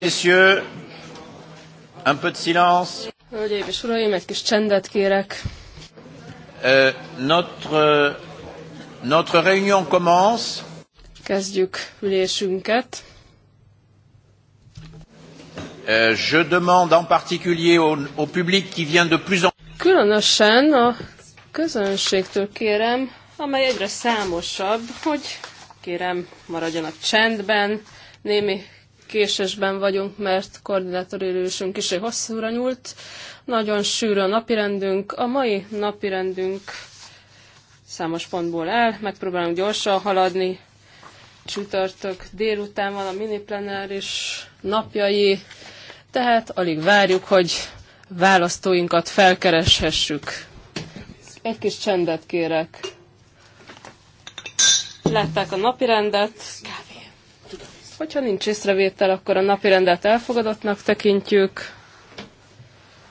Messieurs, un peu de silence. Hölgyeim és uraim, egy kis csendet kérek. Uh, notre, notre réunion commence. Kezdjük ülésünket. Uh, je demande en particulier au, au public qui vient de plus en Különösen a közönségtől kérem, amely egyre számosabb, hogy kérem maradjanak csendben, némi késésben vagyunk, mert koordinátori ülésünk is egy hosszúra nyúlt. Nagyon sűrű a napirendünk. A mai napirendünk számos pontból el. Megpróbálunk gyorsan haladni. Csütörtök délután van a miniplenáris napjai, tehát alig várjuk, hogy választóinkat felkereshessük. Egy kis csendet kérek. Látták a napirendet. Hogyha nincs észrevétel, akkor a napi rendet elfogadottnak tekintjük.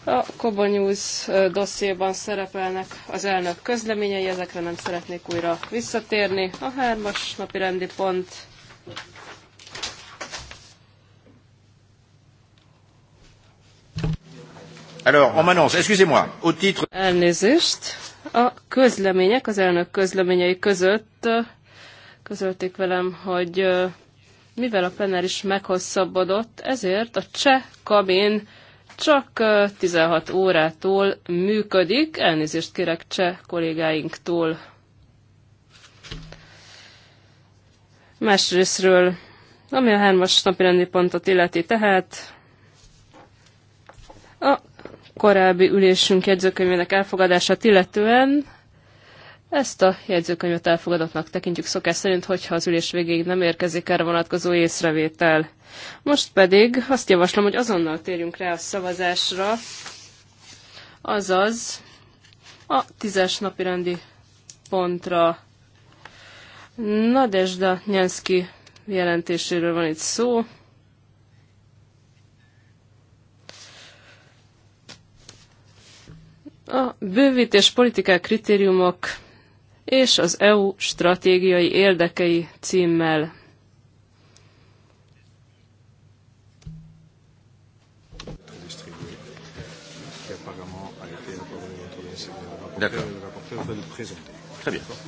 A News dossziéban szerepelnek az elnök közleményei, ezekre nem szeretnék újra visszatérni. A hármas napi rendi pont Alors, on m'annonce, excusez-moi, au titre... Elnézést. A közlemények, az elnök közleményei között közölték velem, hogy mivel a is meghosszabbodott, ezért a cseh kabin csak 16 órától működik. Elnézést kérek cseh kollégáinktól. Másrésztről, ami a hármas napi rendi pontot illeti, tehát a korábbi ülésünk jegyzőkönyvének elfogadását illetően ezt a jegyzőkönyvet elfogadottnak tekintjük szokás szerint, hogyha az ülés végéig nem érkezik erre vonatkozó észrevétel. Most pedig azt javaslom, hogy azonnal térjünk rá a szavazásra, azaz a tízes napi rendi pontra. Nadezda Nyenszki jelentéséről van itt szó. A bővítés politikák kritériumok és az EU stratégiai érdekei címmel. D'accord. Très bien.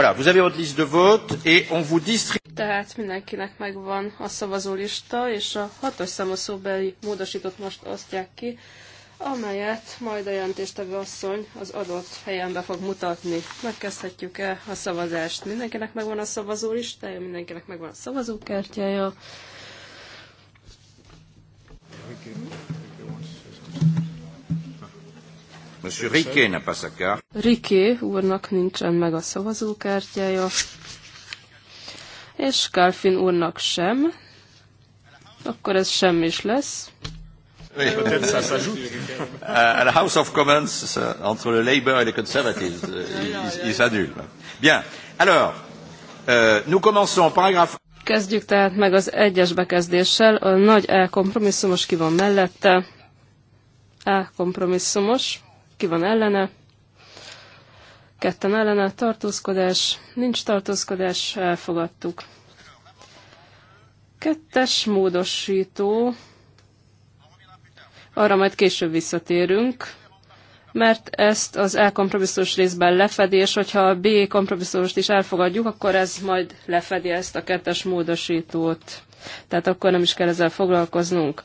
Voilà, vous avez votre liste de vote et on vous distribue. Tehát mindenkinek megvan a szavazólista, és a hatos számú szóbeli módosított most osztják ki, amelyet majd a jelentéstevő asszony az adott helyen be fog mutatni. Megkezdhetjük-e a szavazást? Mindenkinek megvan a szavazólistája, mindenkinek megvan a szavazókártyája. Okay. Monsieur Riquet n'a pas sa carte. Riquet úrnak nincsen meg a szavazókártyája, és Kálfin úrnak sem. Akkor ez sem is lesz. Oui, peut À la House of Commons, euh, entre le Labour et les Conservatives, euh, ils s'annulent. Bien. Alors, euh, nous commençons paragraphe. Kezdjük tehát meg az egyes bekezdéssel. A nagy E kompromisszumos ki van mellette. E kompromisszumos ki van ellene, ketten ellene, tartózkodás, nincs tartózkodás, elfogadtuk. Kettes módosító, arra majd később visszatérünk, mert ezt az E kompromisszós részben lefedi, és hogyha a B kompromisszost is elfogadjuk, akkor ez majd lefedi ezt a kettes módosítót. Tehát akkor nem is kell ezzel foglalkoznunk.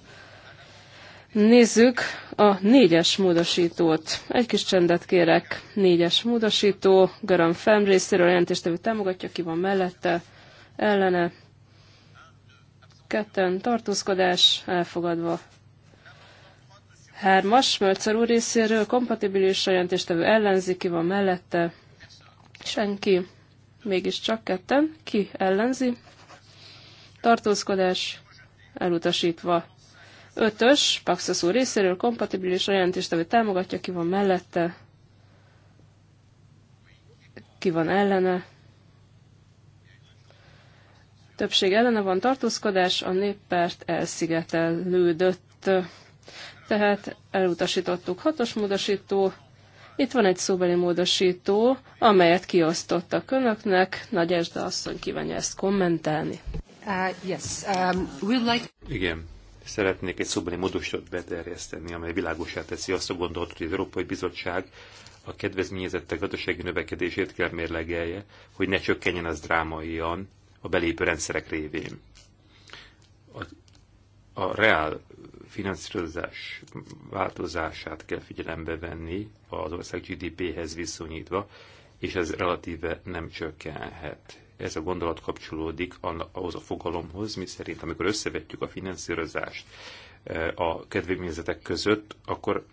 Nézzük a négyes módosítót. Egy kis csendet kérek. Négyes módosító, Garam Fem részéről jelentéstevő támogatja, ki van mellette, ellene. Ketten tartózkodás, elfogadva. Hármas, Mölcer úr részéről, kompatibilis jelentéstevő ellenzi, ki van mellette. Senki. Mégis csak ketten. Ki ellenzi? Tartózkodás, elutasítva. Ötös, Paxos úr részéről kompatibilis ajánlástevő támogatja, ki van mellette, ki van ellene. Többség ellene van tartózkodás, a néppárt elszigetelődött. Tehát elutasítottuk hatos módosító, itt van egy szóbeli módosító, amelyet kiosztottak önöknek. Nagy Esda asszony kívánja ezt kommentálni. Uh, yes, um, we'll like... Igen szeretnék egy szobani módosítót beterjeszteni, amely világosá teszi azt a gondolatot, hogy az Európai Bizottság a kedvezményezettek gazdasági növekedését kell mérlegelje, hogy ne csökkenjen az drámaian a belépő rendszerek révén. A, a reál finanszírozás változását kell figyelembe venni az ország GDP-hez viszonyítva, és ez relatíve nem csökkenhet ez a gondolat kapcsolódik ahhoz a fogalomhoz, mi szerint amikor összevetjük a finanszírozást e, a kedvényezetek között, akkor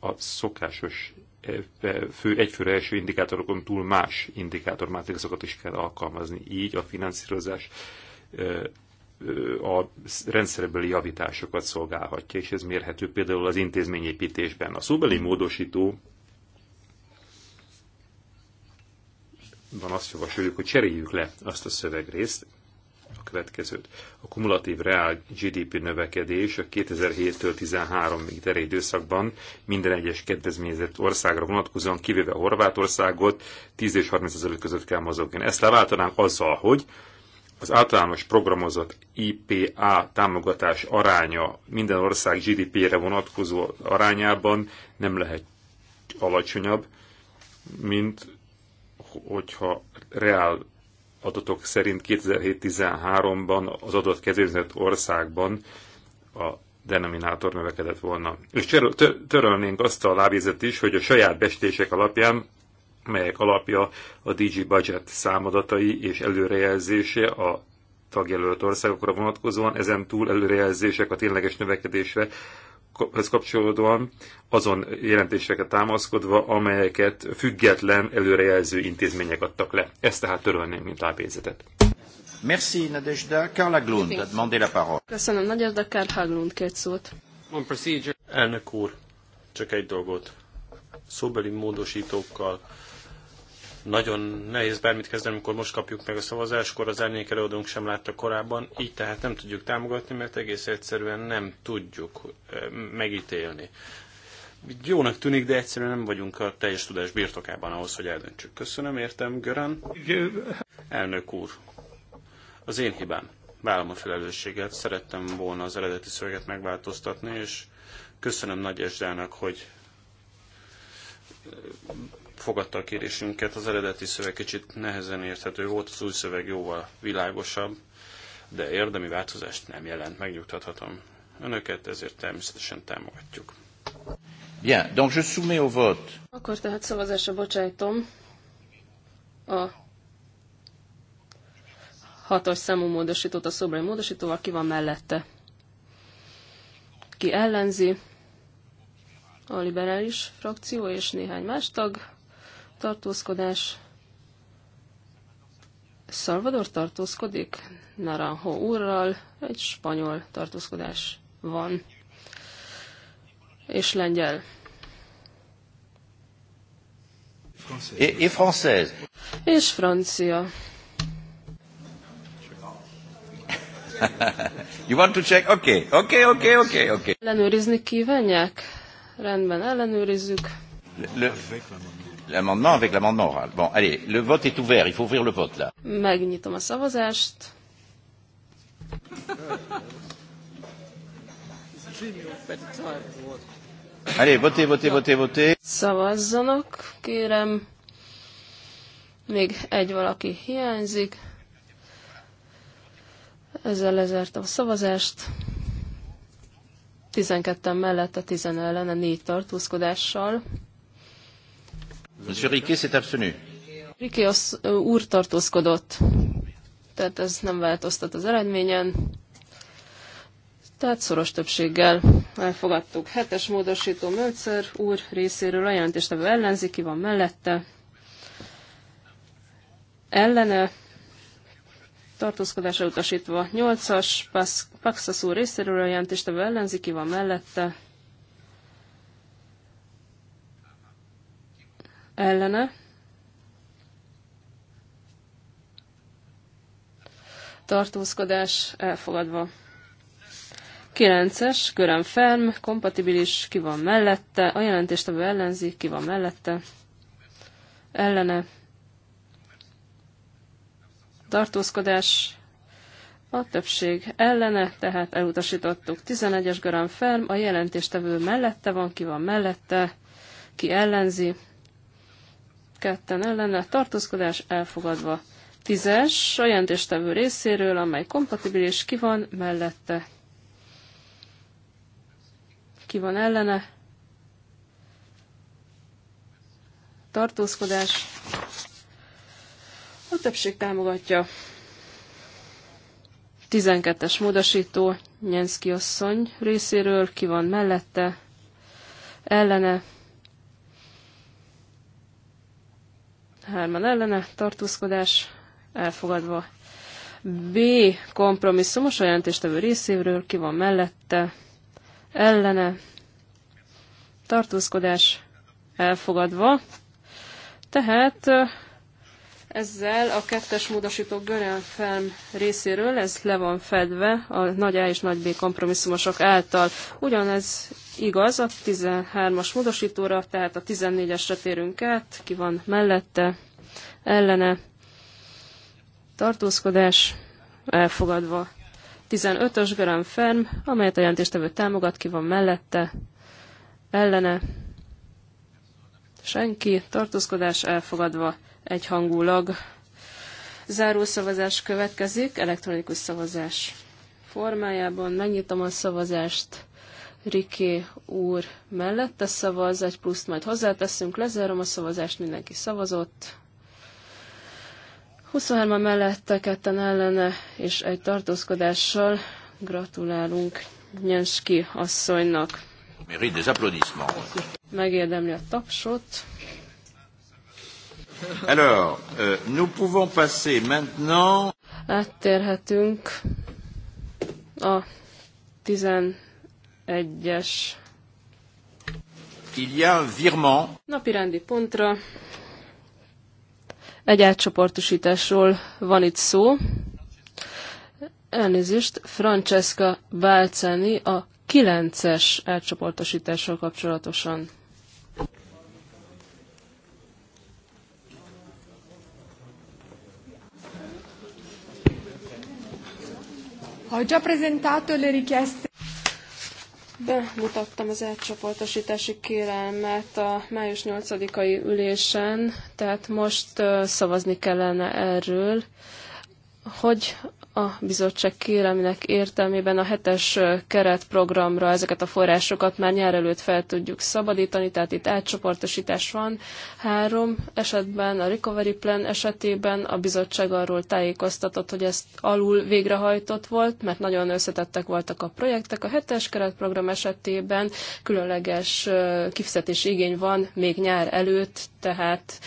a szokásos e, e, fő, egyfőre első indikátorokon túl más indikátormátrixokat is kell alkalmazni. Így a finanszírozás a rendszerbeli javításokat szolgálhatja, és ez mérhető például az intézményépítésben. A szóbeli módosító van azt javasoljuk, hogy cseréljük le azt a szövegrészt, a következőt. A kumulatív reál GDP növekedés a 2007-től 13-ig terő időszakban minden egyes kedvezményezett országra vonatkozóan, kivéve Horvátországot, 10 és 30 között kell mozogni. Ezt leváltanánk azzal, hogy az általános programozott IPA támogatás aránya minden ország GDP-re vonatkozó arányában nem lehet alacsonyabb, mint hogyha reál adatok szerint 2007-13-ban az adott kezérzett országban a denominátor növekedett volna. És törölnénk azt a lábjegyzet is, hogy a saját bestések alapján, melyek alapja a DG Budget számadatai és előrejelzése a tagjelölt országokra vonatkozóan, ezen túl előrejelzések a tényleges növekedésre kapcsolódóan azon jelentéseket támaszkodva, amelyeket független előrejelző intézmények adtak le. Ezt tehát törölnénk, mint lábjegyzetet. Merci, Nadezhda. Karl Haglund a demandé la parole. Köszönöm, Nadezhda. Karl Haglund kért szót. Elnök úr, csak egy dolgot. Szóbeli módosítókkal nagyon nehéz bármit kezdeni, amikor most kapjuk meg a szavazáskor, az árnyék előadónk sem látta korábban, így tehát nem tudjuk támogatni, mert egész egyszerűen nem tudjuk megítélni. Jónak tűnik, de egyszerűen nem vagyunk a teljes tudás birtokában ahhoz, hogy eldöntsük. Köszönöm, értem, Görán. Elnök úr, az én hibám. Vállom a felelősséget, szerettem volna az eredeti szöveget megváltoztatni, és köszönöm Nagy Esdának, hogy fogadta a kérésünket, az eredeti szöveg kicsit nehezen érthető volt, az új szöveg jóval világosabb, de érdemi változást nem jelent, megnyugtathatom önöket, ezért természetesen támogatjuk. Bien, donc je soumets au vote. Akkor tehát szavazásra bocsájtom a hatos számú módosítót a szobrai módosítóval, ki van mellette. Ki ellenzi, a liberális frakció és néhány más tag, tartózkodás. Salvador tartózkodik Naranjo úrral, egy spanyol tartózkodás van, és lengyel. Et, et És francia. you want to check? Okay, okay, okay, okay, okay. Ellenőrizni kívánják? Rendben, ellenőrizzük. Le, le l'amendement avec l'amendement oral. Bon, allez, le vote est ouvert. Il faut ouvrir le vote là. Megnyitom a szavazást. Allez, votez, votez, votez, votez. Szavazzanak, kérem. Még egy valaki hiányzik. Ezzel lezártam a szavazást. 12 mellette, 10 ellene, 4 tartózkodással. Monsieur Riquet s'est abstenu. Riquet az úr tartózkodott, tehát ez nem változtat az eredményen. Tehát szoros többséggel elfogadtuk. Hetes módosító Mölcer úr részéről a jelentéstevő ellenzéki van mellette. Ellene tartózkodásra utasítva 8-as, Paxas úr részéről a jelentéstevő ellenzéki van mellette ellene. Tartózkodás elfogadva. 9-es, Görem Ferm, kompatibilis, ki van mellette, a abban ellenzi, ki van mellette, ellene, tartózkodás, a többség ellene, tehát elutasítottuk. 11-es Görem Ferm, a jelentéstevő mellette van, ki van mellette, ki ellenzi, ketten ellene, tartózkodás elfogadva. Tízes, a jelentéstevő részéről, amely kompatibilis, ki van mellette. Ki van ellene. Tartózkodás. A többség támogatja. 12-es módosító, Nyenszki asszony részéről, ki van mellette, ellene, hárman ellene, tartózkodás elfogadva. B. Kompromisszumos a jelentéstevő részéről, ki van mellette, ellene, tartózkodás elfogadva. Tehát ezzel a kettes módosító Gören Felm részéről, ez le van fedve a nagy A és nagy B kompromisszumosok által. Ugyanez igaz a 13-as módosítóra, tehát a 14-esre térünk át, ki van mellette, ellene, tartózkodás, elfogadva. 15-ös Gören Felm, amelyet a jelentéstevő támogat, ki van mellette, ellene, senki, tartózkodás elfogadva egyhangulag. Záró szavazás következik, elektronikus szavazás formájában. Megnyitom a szavazást. Riké úr mellette szavaz, egy pluszt majd hozzáteszünk, lezárom a szavazást, mindenki szavazott. 23 a mellette, ketten ellene és egy tartózkodással gratulálunk Nyenski asszonynak. Megérdemli a tapsot. Alors, euh, nous pouvons passer maintenant... Áttérhetünk a 11-es Il y a un virement. Napi rendi pontra egy átcsoportosításról van itt szó. Elnézést, Francesca Bálcáni a 9-es átcsoportosítással kapcsolatosan. Ho già presentato le richieste. mutattam az átcsoportosítási kérelmet a május 8-ai ülésen, tehát most szavazni kellene erről, hogy a bizottság kérelmének értelmében a hetes keretprogramra ezeket a forrásokat már nyár előtt fel tudjuk szabadítani, tehát itt átcsoportosítás van. Három esetben, a Recovery Plan esetében a bizottság arról tájékoztatott, hogy ezt alul végrehajtott volt, mert nagyon összetettek voltak a projektek. A hetes keretprogram esetében különleges kifizetési igény van még nyár előtt, tehát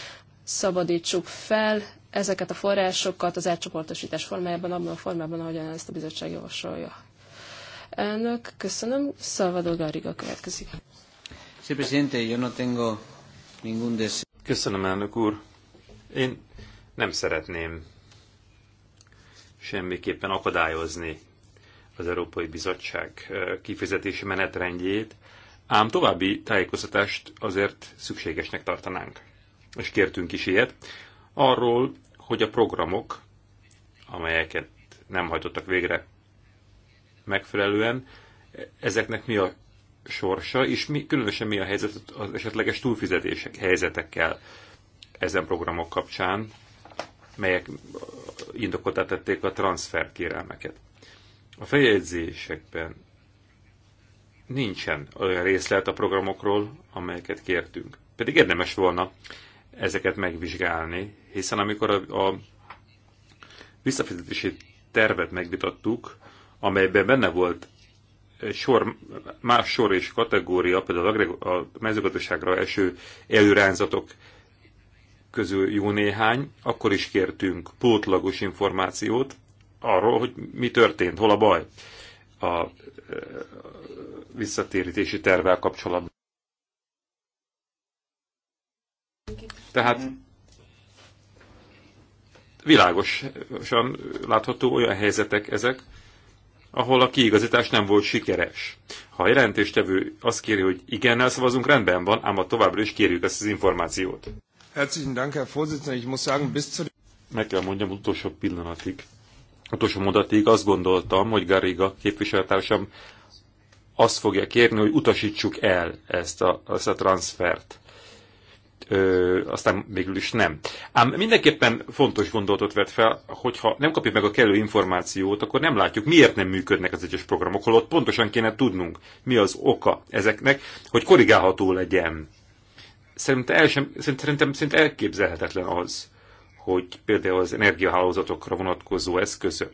szabadítsuk fel ezeket a forrásokat az átcsoportosítás formájában, abban a formában, ahogyan ezt a bizottság javasolja. Elnök, köszönöm. Szalvador Garriga következik. Köszönöm, elnök úr. Én nem szeretném semmiképpen akadályozni az Európai Bizottság kifizetési menetrendjét, ám további tájékoztatást azért szükségesnek tartanánk. És kértünk is ilyet, arról, hogy a programok, amelyeket nem hajtottak végre megfelelően, ezeknek mi a sorsa, és mi, különösen mi a helyzet az esetleges túlfizetések helyzetekkel ezen programok kapcsán, melyek indokotá tették a transfer kérelmeket. A feljegyzésekben nincsen olyan részlet a programokról, amelyeket kértünk. Pedig érdemes volna ezeket megvizsgálni, hiszen amikor a, a visszafizetési tervet megvitattuk, amelyben benne volt sor, más sor és kategória, például a mezőgazdaságra eső előrányzatok közül jó néhány, akkor is kértünk pótlagos információt arról, hogy mi történt, hol a baj a e, visszatérítési tervvel kapcsolatban. Tehát világosan látható olyan helyzetek ezek, ahol a kiigazítás nem volt sikeres. Ha a jelentéstevő azt kéri, hogy igennel szavazunk, rendben van, ám a továbbra is kérjük ezt az információt. Herzlichen Dank, Herr Vorsitzender. Ich muss sagen, bis zu... Meg kell mondjam, utolsó pillanatig, utolsó mondatig azt gondoltam, hogy Gariga képviselőtársam azt fogja kérni, hogy utasítsuk el ezt a, ezt a transfert ö, aztán végül is nem. Ám mindenképpen fontos gondolatot vett fel, hogyha nem kapjuk meg a kellő információt, akkor nem látjuk, miért nem működnek az egyes programok, holott pontosan kéne tudnunk, mi az oka ezeknek, hogy korrigálható legyen. Szerintem, el sem, szerintem szinte elképzelhetetlen az, hogy például az energiahálózatokra vonatkozó eszközök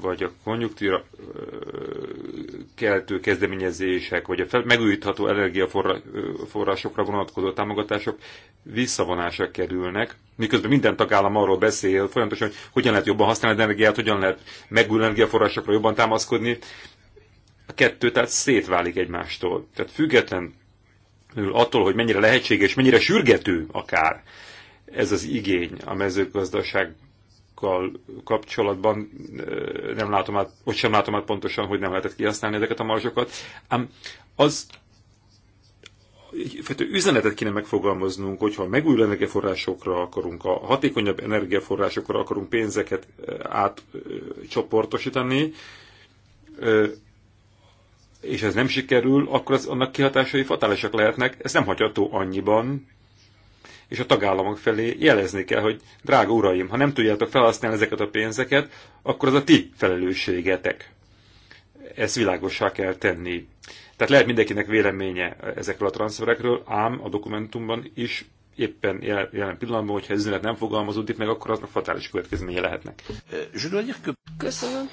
vagy a konjunktúra keltő kezdeményezések, vagy a megújítható energiaforrásokra vonatkozó támogatások visszavonásra kerülnek, miközben minden tagállam arról beszél folyamatosan, hogy hogyan lehet jobban használni az energiát, hogyan lehet megújuló energiaforrásokra jobban támaszkodni. A kettő tehát szétválik egymástól. Tehát független attól, hogy mennyire lehetséges, mennyire sürgető akár ez az igény a mezőgazdaság bankokkal kapcsolatban nem látom át, ott sem látom át pontosan, hogy nem lehetett kihasználni ezeket a marzsokat. Ám az egyfajta üzenetet kéne megfogalmaznunk, hogyha megújuló energiaforrásokra akarunk, a hatékonyabb energiaforrásokra akarunk pénzeket átcsoportosítani, és ez nem sikerül, akkor az, annak kihatásai fatálisak lehetnek, ez nem hagyható annyiban, és a tagállamok felé jelezni kell, hogy drága uraim, ha nem tudjátok felhasználni ezeket a pénzeket, akkor az a ti felelősségetek. Ezt világossá kell tenni. Tehát lehet mindenkinek véleménye ezekről a transzferekről, ám a dokumentumban is éppen jelen pillanatban, hogyha ez nem fogalmazódik meg, akkor aznak fatális következménye lehetnek. Euh, Köszönöm.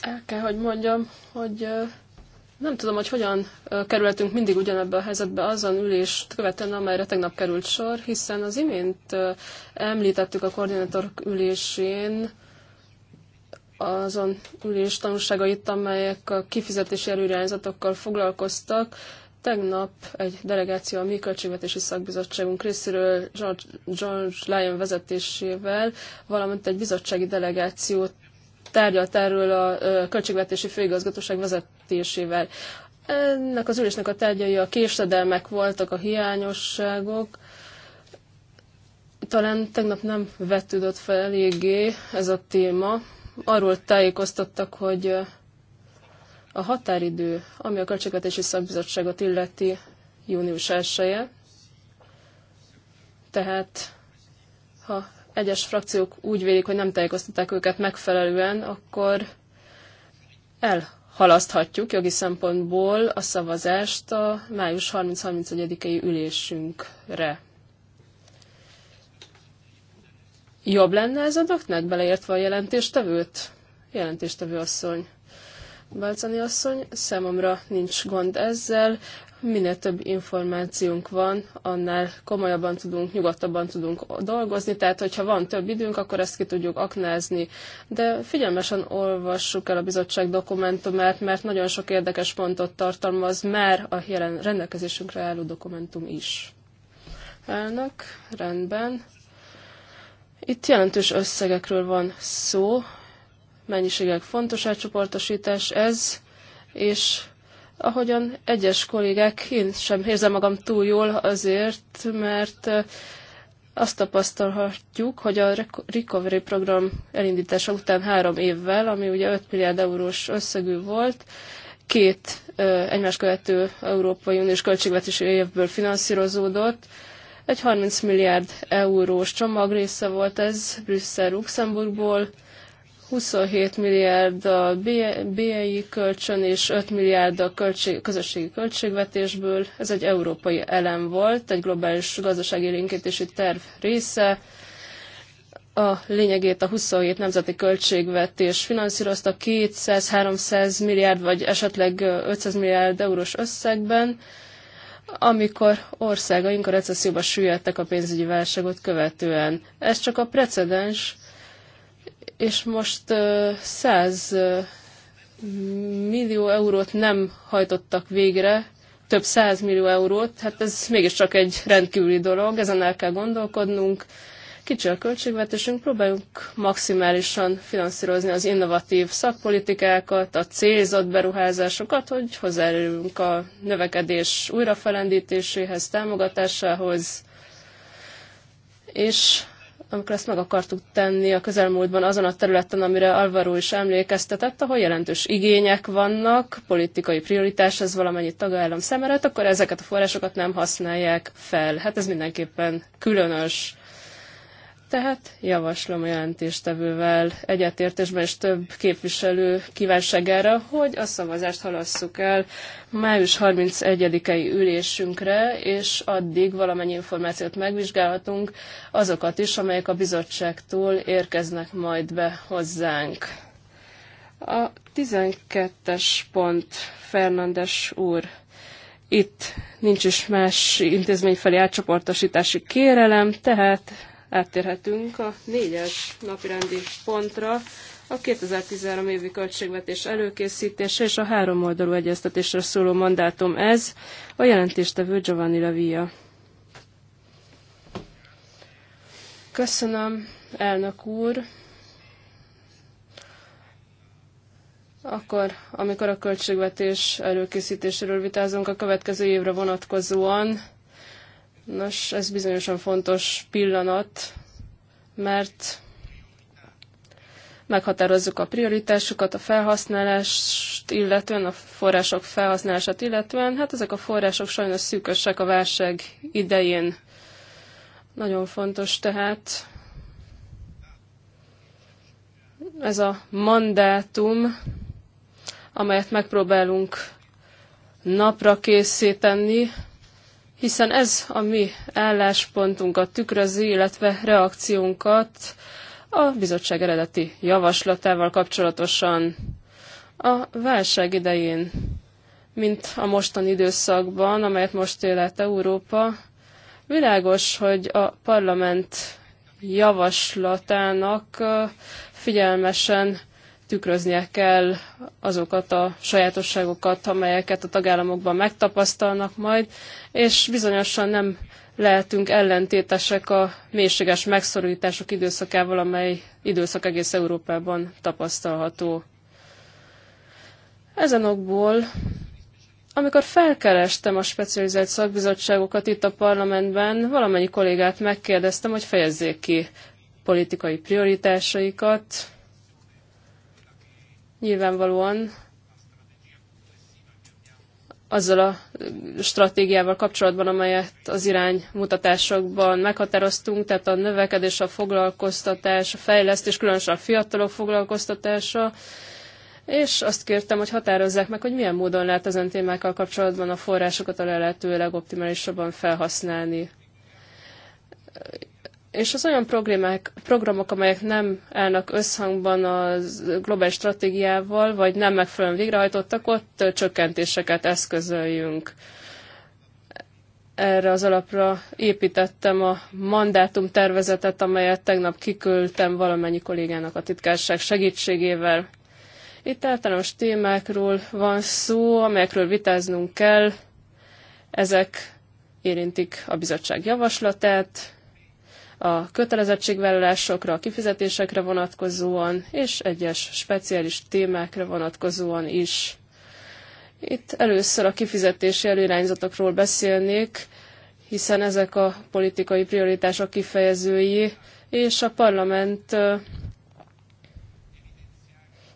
El kell, hogy mondjam, hogy nem tudom, hogy hogyan kerültünk mindig ugyanebbe a helyzetbe azon ülést követően, amelyre tegnap került sor, hiszen az imént említettük a koordinátor ülésén azon ülés tanulságait, amelyek a kifizetési előirányzatokkal foglalkoztak. Tegnap egy delegáció a mi költségvetési szakbizottságunk részéről George, George Lyon vezetésével, valamint egy bizottsági delegációt tárgyalt erről a Költségvetési Főigazgatóság vezetésével. Ennek az ülésnek a tárgyai a késedelmek voltak, a hiányosságok. Talán tegnap nem vetődött fel eléggé ez a téma. Arról tájékoztattak, hogy a határidő, ami a Költségvetési Szakbizottságot illeti, június 1 -e. Tehát, ha egyes frakciók úgy vélik, hogy nem tájékoztatták őket megfelelően, akkor elhalaszthatjuk jogi szempontból a szavazást a május 30-31-i ülésünkre. Jobb lenne ez a doknet, beleértve a jelentéstevőt? Jelentéstevő asszony. Balcani asszony, számomra nincs gond ezzel. Minél több információnk van, annál komolyabban tudunk, nyugodtabban tudunk dolgozni, tehát hogyha van több időnk, akkor ezt ki tudjuk aknázni. De figyelmesen olvassuk el a bizottság dokumentumát, mert nagyon sok érdekes pontot tartalmaz már a jelen rendelkezésünkre álló dokumentum is. Elnök, rendben. Itt jelentős összegekről van szó, mennyiségek fontos elcsoportosítás ez, és Ahogyan egyes kollégák, én sem érzem magam túl jól azért, mert azt tapasztalhatjuk, hogy a Recovery program elindítása után három évvel, ami ugye 5 milliárd eurós összegű volt, két egymás követő Európai Uniós költségvetési évből finanszírozódott. Egy 30 milliárd eurós csomag része volt ez Brüsszel-Luxemburgból, 27 milliárd a BEI kölcsön és 5 milliárd a költség, közösségi költségvetésből. Ez egy európai elem volt, egy globális gazdasági élénkítési terv része. A lényegét a 27 nemzeti költségvetés finanszírozta 200-300 milliárd, vagy esetleg 500 milliárd eurós összegben, amikor országaink a recesszióba süllyedtek a pénzügyi válságot követően. Ez csak a precedens, és most 100 millió eurót nem hajtottak végre, több 100 millió eurót, hát ez mégiscsak egy rendkívüli dolog, ezen el kell gondolkodnunk. Kicsi a költségvetésünk, próbáljunk maximálisan finanszírozni az innovatív szakpolitikákat, a célzott beruházásokat, hogy hozzájárulunk a növekedés újrafelendítéséhez, támogatásához, és amikor ezt meg akartuk tenni a közelmúltban azon a területen, amire Alvaro is emlékeztetett, ahol jelentős igények vannak, politikai prioritás ez valamennyi tagállam szemelet, hát akkor ezeket a forrásokat nem használják fel. Hát ez mindenképpen különös. Tehát javaslom a jelentéstevővel egyetértésben és több képviselő kívánságára, hogy a szavazást halasszuk el május 31-i ülésünkre, és addig valamennyi információt megvizsgálhatunk, azokat is, amelyek a bizottságtól érkeznek majd be hozzánk. A 12-es pont Fernandes úr itt nincs is más intézmény felé átcsoportosítási kérelem, tehát áttérhetünk a négyes napirendi pontra, a 2013 évi költségvetés előkészítése és a három oldalú egyeztetésre szóló mandátum ez, a jelentéstevő Giovanni Lavia. Köszönöm, elnök úr. Akkor, amikor a költségvetés előkészítéséről vitázunk a következő évre vonatkozóan, Nos, ez bizonyosan fontos pillanat, mert meghatározzuk a prioritásukat, a felhasználást illetően, a források felhasználását illetően. Hát ezek a források sajnos szűkösek a válság idején. Nagyon fontos tehát ez a mandátum, amelyet megpróbálunk napra készíteni, hiszen ez a mi álláspontunkat tükrözi, illetve reakciónkat a bizottság eredeti javaslatával kapcsolatosan. A válság idején, mint a mostani időszakban, amelyet most élet Európa, világos, hogy a parlament javaslatának figyelmesen tükröznie kell azokat a sajátosságokat, amelyeket a tagállamokban megtapasztalnak majd, és bizonyosan nem lehetünk ellentétesek a mélységes megszorítások időszakával, amely időszak egész Európában tapasztalható. Ezen okból, amikor felkerestem a specializált szakbizottságokat itt a parlamentben, valamennyi kollégát megkérdeztem, hogy fejezzék ki politikai prioritásaikat, Nyilvánvalóan azzal a stratégiával kapcsolatban, amelyet az iránymutatásokban meghatároztunk, tehát a növekedés, a foglalkoztatás, a fejlesztés, különösen a fiatalok foglalkoztatása, és azt kértem, hogy határozzák meg, hogy milyen módon lehet ezen témákkal kapcsolatban a forrásokat a lehető legoptimálisabban felhasználni és az olyan programok, programok, amelyek nem állnak összhangban a globális stratégiával, vagy nem megfelelően végrehajtottak, ott csökkentéseket eszközöljünk. Erre az alapra építettem a mandátum tervezetet, amelyet tegnap kiküldtem valamennyi kollégának a titkárság segítségével. Itt általános témákról van szó, amelyekről vitáznunk kell. Ezek érintik a bizottság javaslatát, a kötelezettségvállalásokra, a kifizetésekre vonatkozóan, és egyes speciális témákra vonatkozóan is. Itt először a kifizetési előirányzatokról beszélnék, hiszen ezek a politikai prioritások kifejezői, és a parlament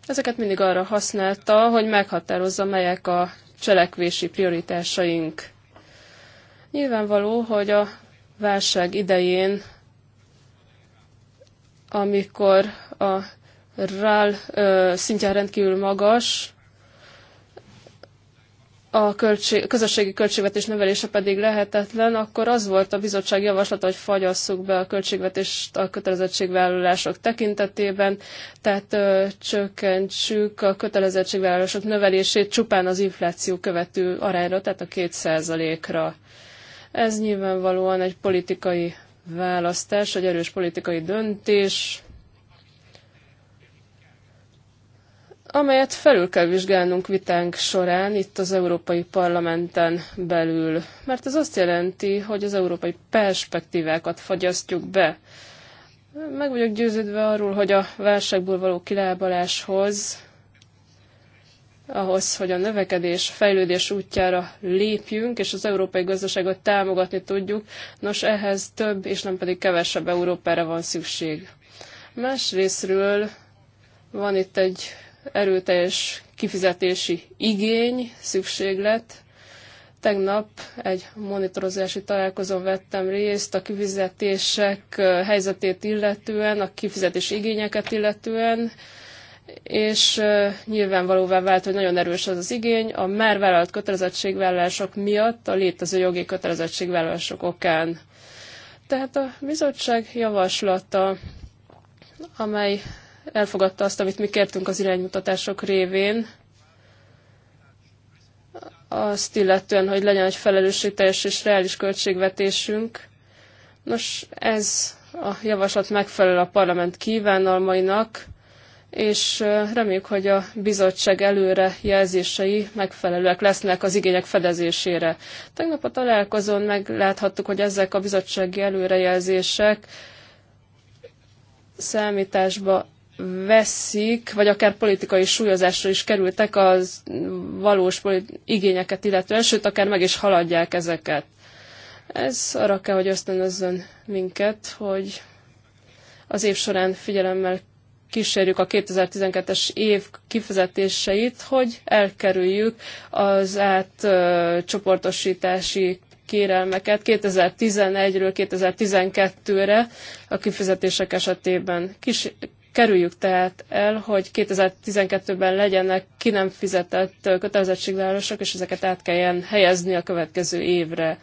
ezeket mindig arra használta, hogy meghatározza, melyek a cselekvési prioritásaink. Nyilvánvaló, hogy a válság idején amikor a ö, szintjén rendkívül magas, a költség, közösségi költségvetés növelése pedig lehetetlen, akkor az volt a bizottság javaslata, hogy fagyasszuk be a költségvetést a kötelezettségvállalások tekintetében, tehát ö, csökkentsük a kötelezettségvállalások növelését csupán az infláció követő arányra, tehát a 2%-ra. Ez nyilvánvalóan egy politikai választás, egy erős politikai döntés, amelyet felül kell vizsgálnunk vitánk során itt az Európai Parlamenten belül, mert ez azt jelenti, hogy az európai perspektívákat fagyasztjuk be. Meg vagyok győződve arról, hogy a válságból való kilábaláshoz ahhoz, hogy a növekedés, fejlődés útjára lépjünk, és az európai gazdaságot támogatni tudjuk. Nos, ehhez több és nem pedig kevesebb Európára van szükség. Másrésztről van itt egy erőteljes kifizetési igény, szükséglet. Tegnap egy monitorozási találkozón vettem részt a kifizetések helyzetét illetően, a kifizetési igényeket illetően, és nyilvánvalóvá vált, hogy nagyon erős az az igény a már vállalt kötelezettségvállalások miatt a létező jogi kötelezettségvállalások okán. Tehát a bizottság javaslata, amely elfogadta azt, amit mi kértünk az iránymutatások révén, azt illetően, hogy legyen egy felelősségteljes és reális költségvetésünk. Nos, ez a javaslat megfelel a parlament kívánalmainak, és reméljük, hogy a bizottság előre jelzései megfelelőek lesznek az igények fedezésére. Tegnap a találkozón megláthattuk, hogy ezek a bizottsági előrejelzések számításba veszik, vagy akár politikai súlyozásra is kerültek az valós igényeket illetően, sőt, akár meg is haladják ezeket. Ez arra kell, hogy ösztönözzön minket, hogy az év során figyelemmel kísérjük a 2012-es év kifizetéseit, hogy elkerüljük az átcsoportosítási kérelmeket 2011-ről 2012-re a kifizetések esetében. Kis, kerüljük tehát el, hogy 2012-ben legyenek ki nem fizetett kötelezettségvállalások, és ezeket át kelljen helyezni a következő évre.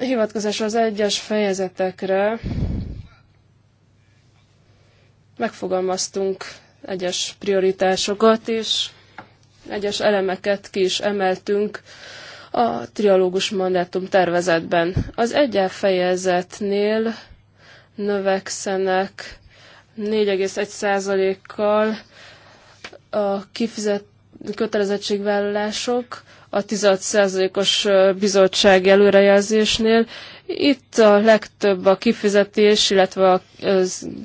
Hivatkozás az egyes fejezetekre Megfogalmaztunk egyes prioritásokat, és egyes elemeket ki is emeltünk a trialógus mandátum tervezetben. Az egyel fejezetnél növekszenek 4,1%-kal a kifizet kötelezettségvállalások a 16%-os bizottság előrejelzésnél, itt a legtöbb a kifizetés, illetve a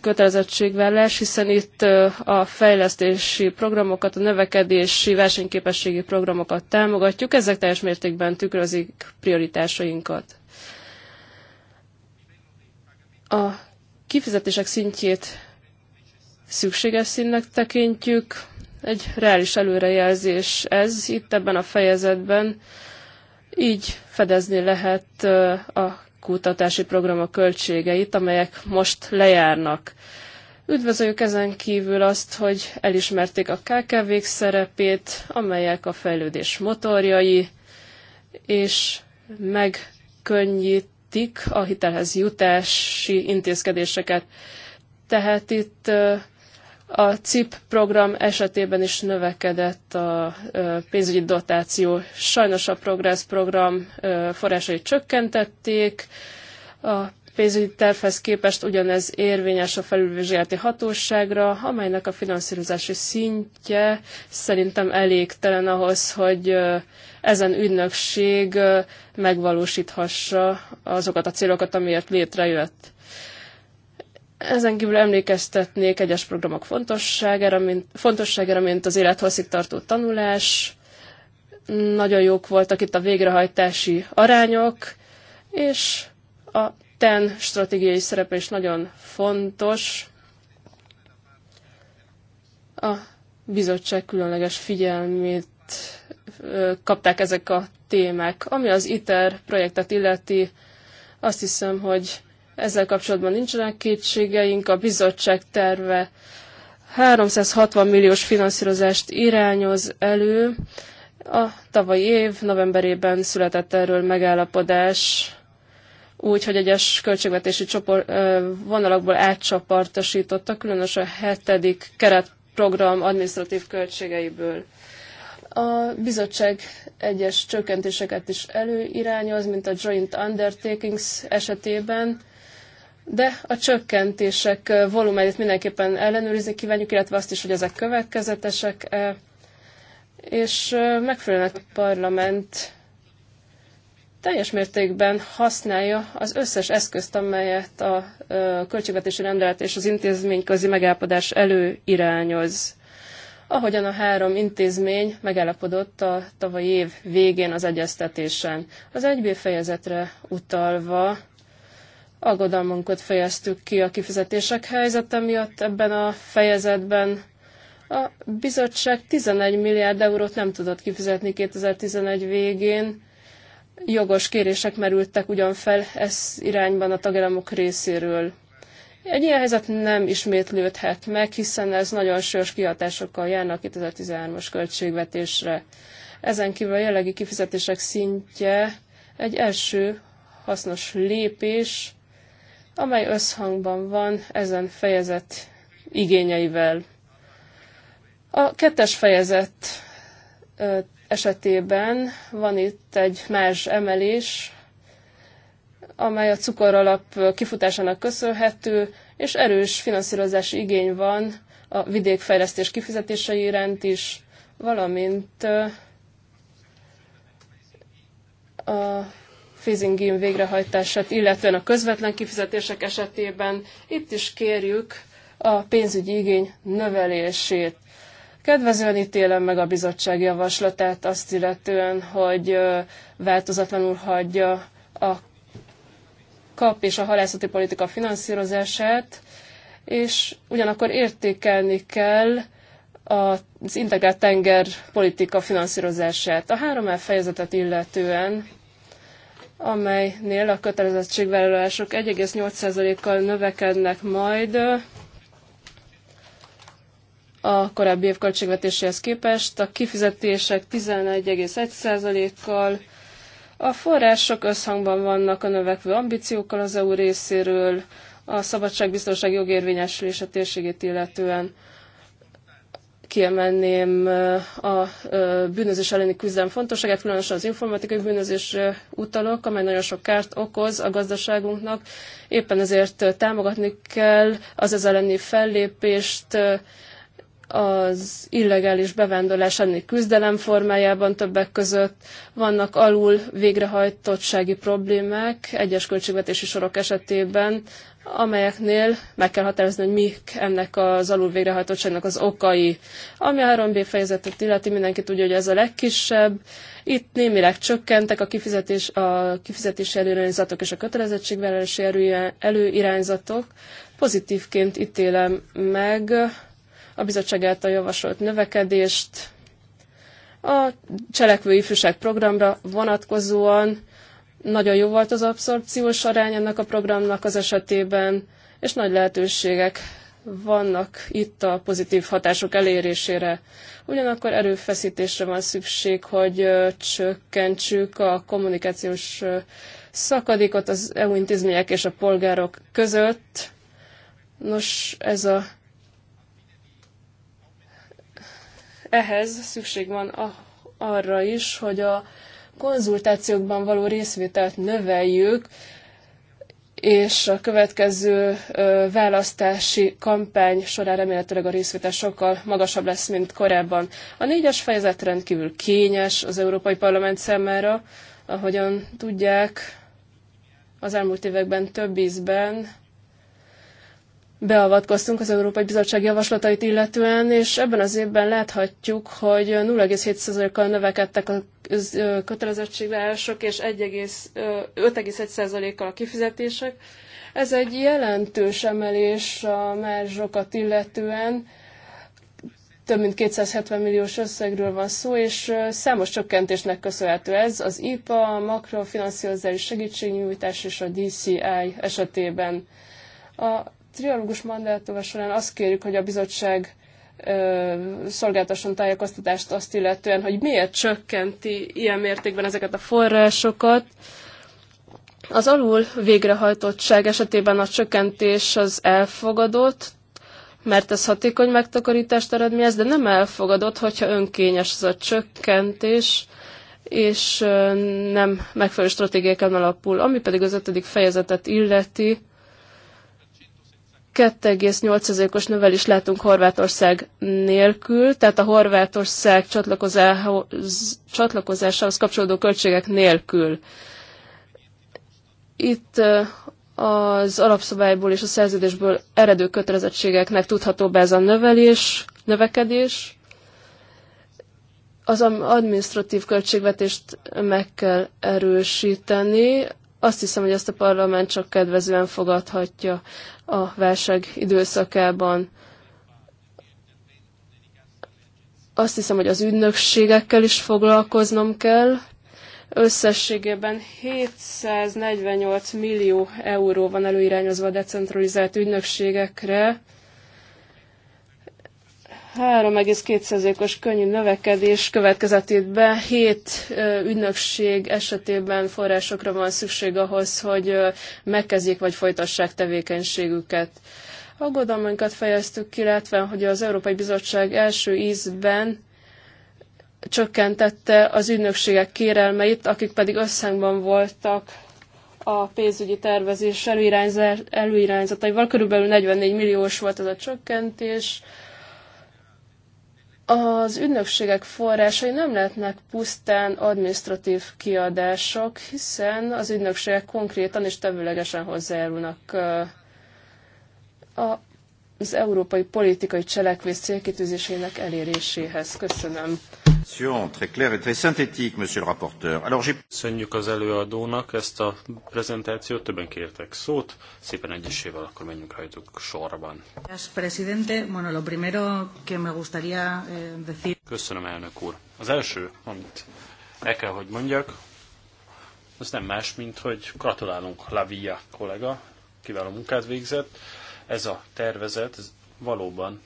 kötelezettségvállás, hiszen itt a fejlesztési programokat, a növekedési, versenyképességi programokat támogatjuk. Ezek teljes mértékben tükrözik prioritásainkat. A kifizetések szintjét szükséges színnek tekintjük. Egy reális előrejelzés ez itt ebben a fejezetben. Így fedezni lehet a kutatási programok költségeit, amelyek most lejárnak. Üdvözöljük ezen kívül azt, hogy elismerték a kkv szerepét, amelyek a fejlődés motorjai, és megkönnyítik a hitelhez jutási intézkedéseket. Tehát itt a CIP program esetében is növekedett a pénzügyi dotáció. Sajnos a Progress program forrásait csökkentették, a pénzügyi tervhez képest ugyanez érvényes a felülvizsgálati hatóságra, amelynek a finanszírozási szintje szerintem elégtelen ahhoz, hogy ezen ügynökség megvalósíthassa azokat a célokat, amiért létrejött. Ezen kívül emlékeztetnék egyes programok fontosságára, mint, fontosságára, mint az élethosszig tartó tanulás. Nagyon jók voltak itt a végrehajtási arányok, és a TEN stratégiai szerepe is nagyon fontos. A bizottság különleges figyelmét kapták ezek a témák. Ami az ITER projektet illeti, azt hiszem, hogy ezzel kapcsolatban nincsenek kétségeink. A bizottság terve 360 milliós finanszírozást irányoz elő. A tavalyi év novemberében született erről megállapodás, úgy, hogy egyes költségvetési csopor, vonalakból átcsapartosította, különösen a hetedik keretprogram administratív költségeiből. A bizottság egyes csökkentéseket is előirányoz, mint a Joint Undertakings esetében, de a csökkentések volumenét mindenképpen ellenőrizni kívánjuk, illetve azt is, hogy ezek következetesek -e, és megfelelően a parlament teljes mértékben használja az összes eszközt, amelyet a költségvetési rendelet és az intézményközi megállapodás előirányoz. Ahogyan a három intézmény megállapodott a tavalyi év végén az egyeztetésen. Az 1 fejezetre utalva Aggodalmunkat fejeztük ki a kifizetések helyzete miatt ebben a fejezetben. A bizottság 11 milliárd eurót nem tudott kifizetni 2011 végén. Jogos kérések merültek ugyan fel ez irányban a tagállamok részéről. Egy ilyen helyzet nem ismétlődhet meg, hiszen ez nagyon sős kihatásokkal járna a 2013-as költségvetésre. Ezen kívül a jelenlegi kifizetések szintje egy első hasznos lépés amely összhangban van ezen fejezet igényeivel. A kettes fejezet esetében van itt egy más emelés, amely a cukoralap kifutásának köszönhető, és erős finanszírozási igény van a vidékfejlesztés kifizetései iránt is, valamint a phasing in végrehajtását, illetően a közvetlen kifizetések esetében itt is kérjük a pénzügyi igény növelését. Kedvezően ítélem meg a bizottság javaslatát azt illetően, hogy változatlanul hagyja a kap és a halászati politika finanszírozását, és ugyanakkor értékelni kell az integrált tenger politika finanszírozását. A három fejezetet illetően amelynél a kötelezettségvállalások 1,8%-kal növekednek majd a korábbi év költségvetéséhez képest, a kifizetések 11,1%-kal, a források összhangban vannak a növekvő ambíciókkal az EU részéről, a szabadságbiztonság jogérvényesülése térségét illetően kiemelném a bűnözés elleni küzdelem fontosságát, különösen az informatikai bűnözés utalok, amely nagyon sok kárt okoz a gazdaságunknak. Éppen ezért támogatni kell az ez elleni fellépést, az illegális bevándorlás elleni küzdelem formájában többek között vannak alul végrehajtottsági problémák egyes költségvetési sorok esetében, amelyeknél meg kell határozni, hogy mik ennek az alul végrehajtottságnak az okai. Ami a 3B fejezetet illeti, mindenki tudja, hogy ez a legkisebb. Itt némileg csökkentek a, kifizetés, a kifizetési előirányzatok és a kötelezettségvállalási előirányzatok. Pozitívként ítélem meg a bizottság által javasolt növekedést, a cselekvő ifjúság programra vonatkozóan nagyon jó volt az abszorpciós arány ennek a programnak az esetében, és nagy lehetőségek vannak itt a pozitív hatások elérésére. Ugyanakkor erőfeszítésre van szükség, hogy csökkentsük a kommunikációs szakadékot az EU intézmények és a polgárok között. Nos, ez a ehhez szükség van arra is, hogy a konzultációkban való részvételt növeljük, és a következő választási kampány során remélhetőleg a részvétel sokkal magasabb lesz, mint korábban. A négyes fejezet rendkívül kényes az Európai Parlament számára, ahogyan tudják, az elmúlt években több ízben beavatkoztunk az Európai Bizottság javaslatait illetően, és ebben az évben láthatjuk, hogy 0,7%-kal növekedtek a kötelezettségvárások, és 5,1%-kal a kifizetések. Ez egy jelentős emelés a mázsokat illetően, több mint 270 milliós összegről van szó, és számos csökkentésnek köszönhető ez az IPA, a makrofinanszírozási segítségnyújtás és a DCI esetében. A trialógus mandátum során azt kérjük, hogy a bizottság szolgáltasson tájékoztatást azt illetően, hogy miért csökkenti ilyen mértékben ezeket a forrásokat. Az alul végrehajtottság esetében a csökkentés az elfogadott, mert ez hatékony megtakarítást eredményez, de nem elfogadott, hogyha önkényes az a csökkentés, és nem megfelelő stratégiákon alapul. Ami pedig az ötödik fejezetet illeti, 2,8%-os növelést látunk Horvátország nélkül, tehát a Horvátország csatlakozásához, csatlakozásához kapcsolódó költségek nélkül. Itt az alapszabályból és a szerződésből eredő kötelezettségeknek tudható be ez a növelés, növekedés. Az administratív költségvetést meg kell erősíteni, azt hiszem, hogy ezt a parlament csak kedvezően fogadhatja a válság időszakában. Azt hiszem, hogy az ügynökségekkel is foglalkoznom kell. Összességében 748 millió euró van előirányozva a decentralizált ügynökségekre, 3,2%-os könnyű növekedés következett itt be. Hét ünnepség esetében forrásokra van szükség ahhoz, hogy megkezdjék vagy folytassák tevékenységüket. Aggodalmainkat fejeztük ki, illetve, hogy az Európai Bizottság első ízben csökkentette az ügynökségek kérelmeit, akik pedig összhangban voltak a pénzügyi tervezés előirányzataival. Körülbelül 44 milliós volt ez a csökkentés az ünnepségek forrásai nem lehetnek pusztán administratív kiadások, hiszen az ünnepségek konkrétan és tevőlegesen hozzájárulnak az európai politikai cselekvés célkitűzésének eléréséhez. Köszönöm. Köszönjük az előadónak ezt a prezentációt, többen kértek szót, szépen egyesével akkor menjünk rajtuk sorban. Eh, Köszönöm, elnök úr. Az első, amit el kell, hogy mondjak, az nem más, mint hogy gratulálunk Lavia kollega, kiváló munkát végzett. Ez a tervezet ez valóban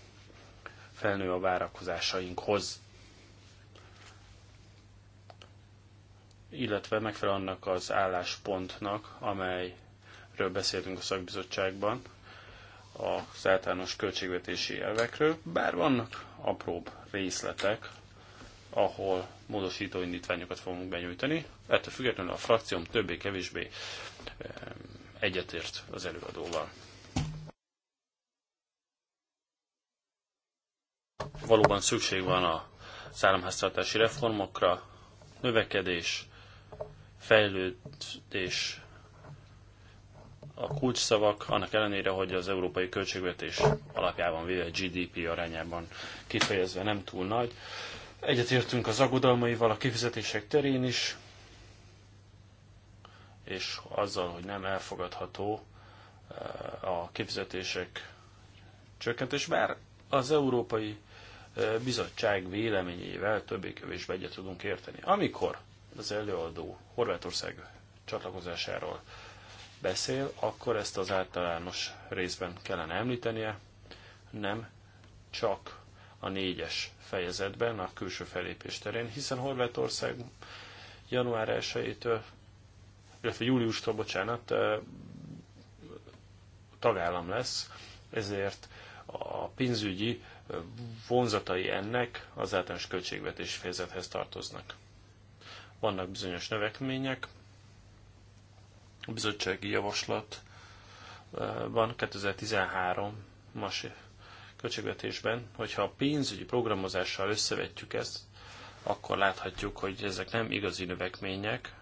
felnő a várakozásainkhoz illetve megfelel annak az álláspontnak, amelyről beszéltünk a szakbizottságban, az általános költségvetési elvekről, bár vannak apróbb részletek, ahol módosító indítványokat fogunk benyújtani. Ettől függetlenül a frakcióm többé-kevésbé egyetért az előadóval. Valóban szükség van a államháztartási reformokra, növekedés, fejlődés a kulcsszavak, annak ellenére, hogy az európai költségvetés alapjában véve GDP arányában kifejezve nem túl nagy. Egyetértünk az aggodalmaival a kifizetések terén is, és azzal, hogy nem elfogadható eh, a kifizetések csökkentés, bár az Európai eh, Bizottság véleményével többé-kevésbé egyet tudunk érteni. Amikor az előadó Horvátország csatlakozásáról beszél, akkor ezt az általános részben kellene említenie, nem csak a négyes fejezetben, a külső felépés terén, hiszen Horvátország január 1-től, illetve júliustól, bocsánat, tagállam lesz, ezért a pénzügyi vonzatai ennek az általános költségvetés fejezethez tartoznak. Vannak bizonyos növekmények. A bizottsági javaslatban eh, 2013-as költségvetésben, hogyha a pénzügyi programozással összevetjük ezt, akkor láthatjuk, hogy ezek nem igazi növekmények,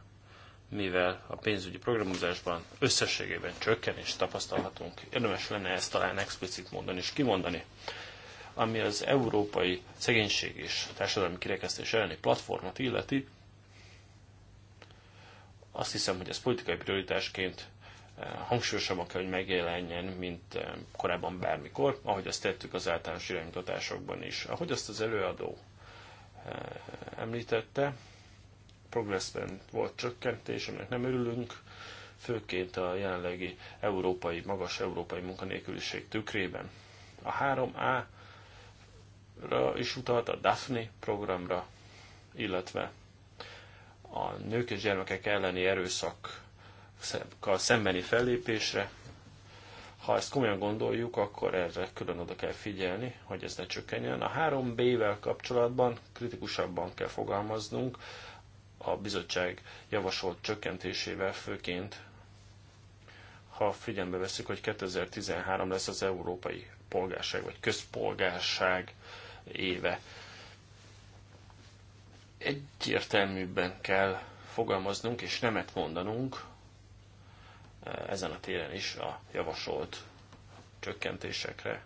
mivel a pénzügyi programozásban összességében csökkenést tapasztalhatunk. Érdemes lenne ezt talán explicit módon is kimondani. Ami az Európai Szegénység és Társadalmi Kirekesztés elleni platformot illeti, azt hiszem, hogy ez politikai prioritásként eh, hangsúlyosabban kell, hogy megjelenjen, mint eh, korábban bármikor, ahogy azt tettük az általános iránymutatásokban is. Ahogy azt az előadó eh, említette, progressben volt csökkentés, aminek nem örülünk, főként a jelenlegi európai, magas európai munkanélküliség tükrében. A 3A-ra is utalt, a Daphne programra, illetve a nők és gyermekek elleni erőszakkal szembeni fellépésre. Ha ezt komolyan gondoljuk, akkor erre külön oda kell figyelni, hogy ez ne csökkenjen. A 3B-vel kapcsolatban kritikusabban kell fogalmaznunk a bizottság javasolt csökkentésével főként, ha figyelembe veszük, hogy 2013 lesz az európai polgárság vagy közpolgárság éve egyértelműbben kell fogalmaznunk és nemet mondanunk e, ezen a téren is a javasolt csökkentésekre.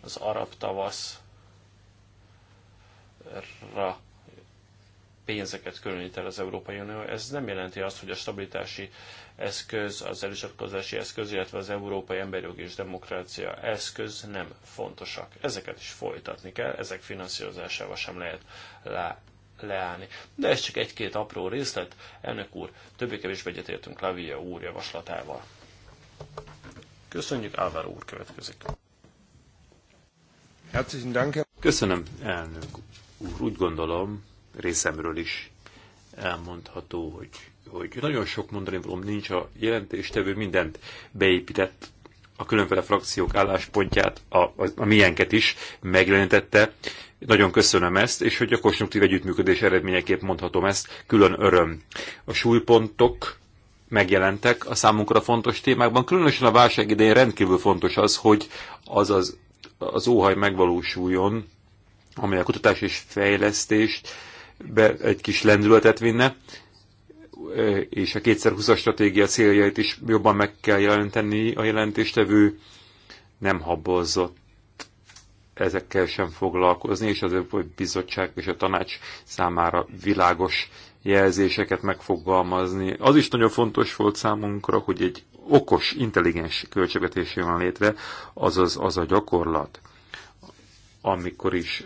Az arab tavaszra pénzeket különít el az Európai Unió. Ez nem jelenti azt, hogy a stabilitási eszköz, az elősatkozási eszköz, illetve az Európai Emberjogi és Demokrácia eszköz nem fontosak. Ezeket is folytatni kell, ezek finanszírozásával sem lehet leállni. De ez csak egy-két apró részlet. Elnök úr, többé-kevésbé egyetértünk Lavia úr javaslatával. Köszönjük, Álvaro úr következik. Köszönöm, elnök úr. Úgy gondolom, részemről is elmondható, hogy, hogy nagyon sok mondani valóm nincs a jelentéstevő, mindent beépített a különféle frakciók álláspontját, a, a, a milyenket is megjelenítette nagyon köszönöm ezt, és hogy a konstruktív együttműködés eredményeképp mondhatom ezt, külön öröm. A súlypontok megjelentek a számunkra fontos témákban. Különösen a válság idején rendkívül fontos az, hogy az az, az óhaj megvalósuljon, amely a kutatás és fejlesztést be egy kis lendületet vinne, és a 2020-as stratégia céljait is jobban meg kell jelenteni a jelentéstevő, nem habozott ezekkel sem foglalkozni, és az Európai Bizottság és a Tanács számára világos jelzéseket megfogalmazni. Az is nagyon fontos volt számunkra, hogy egy okos, intelligens költségvetés van létre, azaz az a gyakorlat, amikor is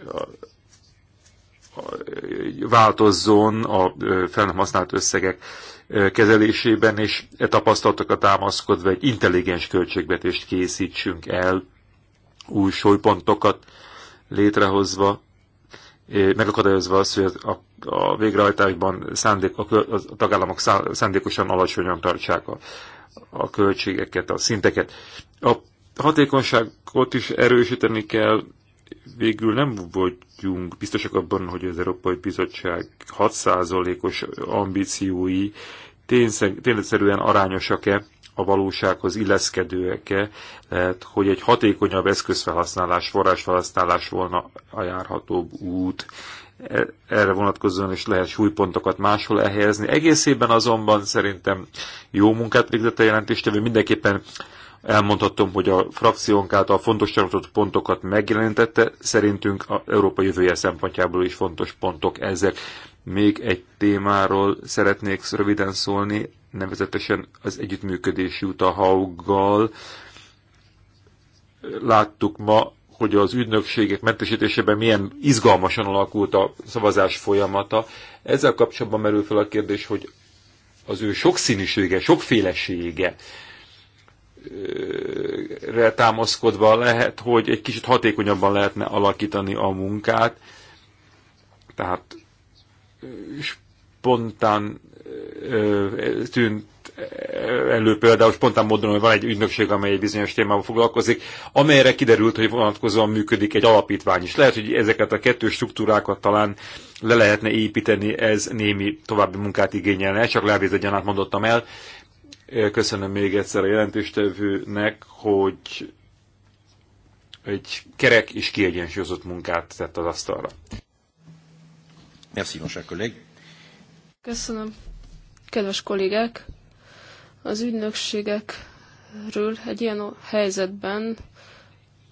változzon a fel nem használt összegek kezelésében, és e tapasztalatokat támaszkodva egy intelligens költségvetést készítsünk el új súlypontokat létrehozva, eh, megakadályozva azt, hogy a, a végrehajtásban szándék, a, a tagállamok szándékosan alacsonyan tartsák a, a költségeket, a szinteket. A hatékonyságot is erősíteni kell, végül nem vagyunk biztosak abban, hogy az Európai Bizottság 6%-os ambíciói tényszerűen arányosak-e a valósághoz illeszkedőek-e, lehet, hogy egy hatékonyabb eszközfelhasználás, forrásfelhasználás volna a járhatóbb út. E, erre vonatkozóan is lehet súlypontokat máshol elhelyezni. Egészében azonban szerintem jó munkát végzett a jelentéstevő. Mindenképpen elmondhatom, hogy a frakciónk által fontos tartott pontokat megjelentette, szerintünk a Európa jövője szempontjából is fontos pontok ezek. Még egy témáról szeretnék röviden szólni, nevezetesen az együttműködési út a Hauggal. Láttuk ma, hogy az ügynökségek mentesítésében milyen izgalmasan alakult a szavazás folyamata. Ezzel kapcsolatban merül fel a kérdés, hogy az ő sokszínűsége, sokfélesége re támaszkodva lehet, hogy egy kicsit hatékonyabban lehetne alakítani a munkát. Tehát spontán tűnt elő például spontán módon, hogy van egy ügynökség, amely egy bizonyos témával foglalkozik, amelyre kiderült, hogy vonatkozóan működik egy alapítvány is. Lehet, hogy ezeket a kettő struktúrákat talán le lehetne építeni, ez némi további munkát igényelne, csak át mondottam el. Köszönöm még egyszer a jelentéstevőnek, hogy egy kerek és kiegyensúlyozott munkát tett az asztalra. Merci, mon cher collègue. Köszönöm, Kedves kollégák, az ügynökségekről egy ilyen helyzetben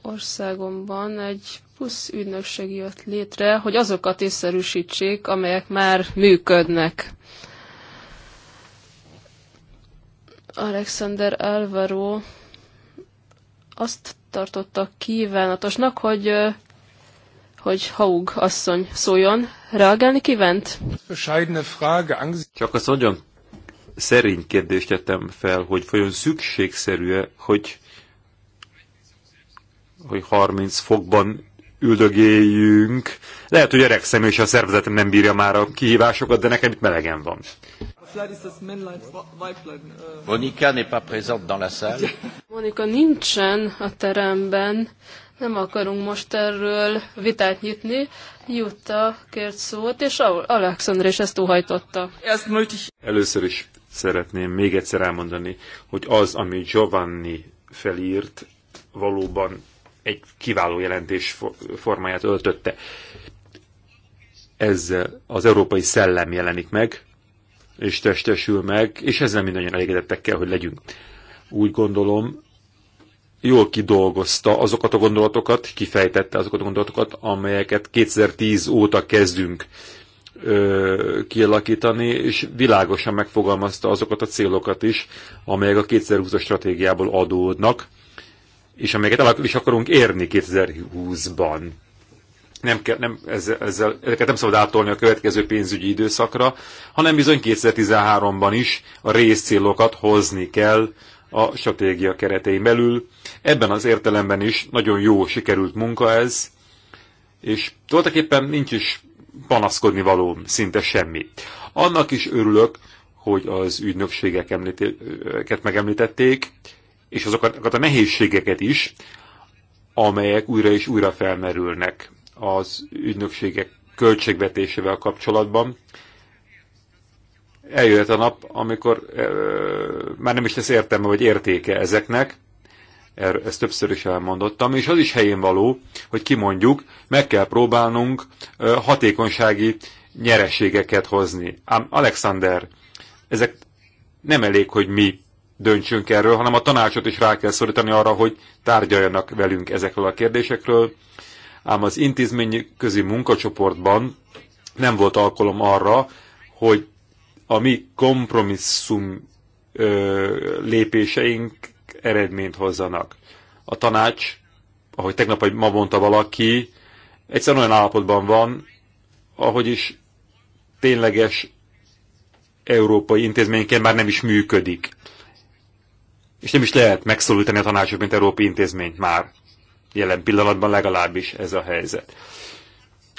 országomban egy plusz ügynökség jött létre, hogy azokat észszerűsítsék, amelyek már működnek. Alexander Alvaro azt tartotta kívánatosnak, hogy hogy Haug asszony szóljon. Reagálni kívánt? Csak azt mondjam, szerény kérdést tettem fel, hogy vajon szükségszerű-e, hogy, hogy 30 fokban üldögéljünk. Lehet, hogy öregszem és a szervezetem nem bírja már a kihívásokat, de nekem itt melegen van. Monika n'est pas présente dans la salle. Monika nincsen a teremben. Nem akarunk most erről vitát nyitni. Jutta kért szót, és Alexandra is ezt uhajtotta. Először is szeretném még egyszer elmondani, hogy az, ami Giovanni felírt, valóban egy kiváló jelentés formáját öltötte. Ez az európai szellem jelenik meg, és testesül meg, és ezzel mindannyian elégedettek kell, hogy legyünk. Úgy gondolom, jól kidolgozta azokat a gondolatokat, kifejtette azokat a gondolatokat, amelyeket 2010 óta kezdünk ö, kialakítani, és világosan megfogalmazta azokat a célokat is, amelyek a 2020-as stratégiából adódnak, és amelyeket el is akarunk érni 2020-ban. Nem kell, nem, ezzel, ezzel, ezeket nem szabad átolni a következő pénzügyi időszakra, hanem bizony 2013-ban is a részcélokat hozni kell a stratégia keretein belül. Ebben az értelemben is nagyon jó sikerült munka ez, és tulajdonképpen nincs is panaszkodni való szinte semmi. Annak is örülök, hogy az ügynökségek megemlítették, és azokat a nehézségeket is, amelyek újra és újra felmerülnek az ügynökségek költségvetésével kapcsolatban. Eljöhet a nap, amikor e, már nem is lesz értelme vagy értéke ezeknek, ezt többször is elmondottam, és az is helyén való, hogy kimondjuk, meg kell próbálnunk hatékonysági nyereségeket hozni. Ám Alexander, ezek nem elég, hogy mi döntsünk erről, hanem a tanácsot is rá kell szorítani arra, hogy tárgyaljanak velünk ezekről a kérdésekről. Ám az intézmény közi munkacsoportban nem volt alkalom arra, hogy a mi kompromisszum lépéseink eredményt hozzanak. A tanács, ahogy tegnap vagy ma mondta valaki, egyszerűen olyan állapotban van, ahogy is tényleges európai intézményként már nem is működik. És nem is lehet megszólítani a tanácsot, mint európai intézményt már. Jelen pillanatban legalábbis ez a helyzet.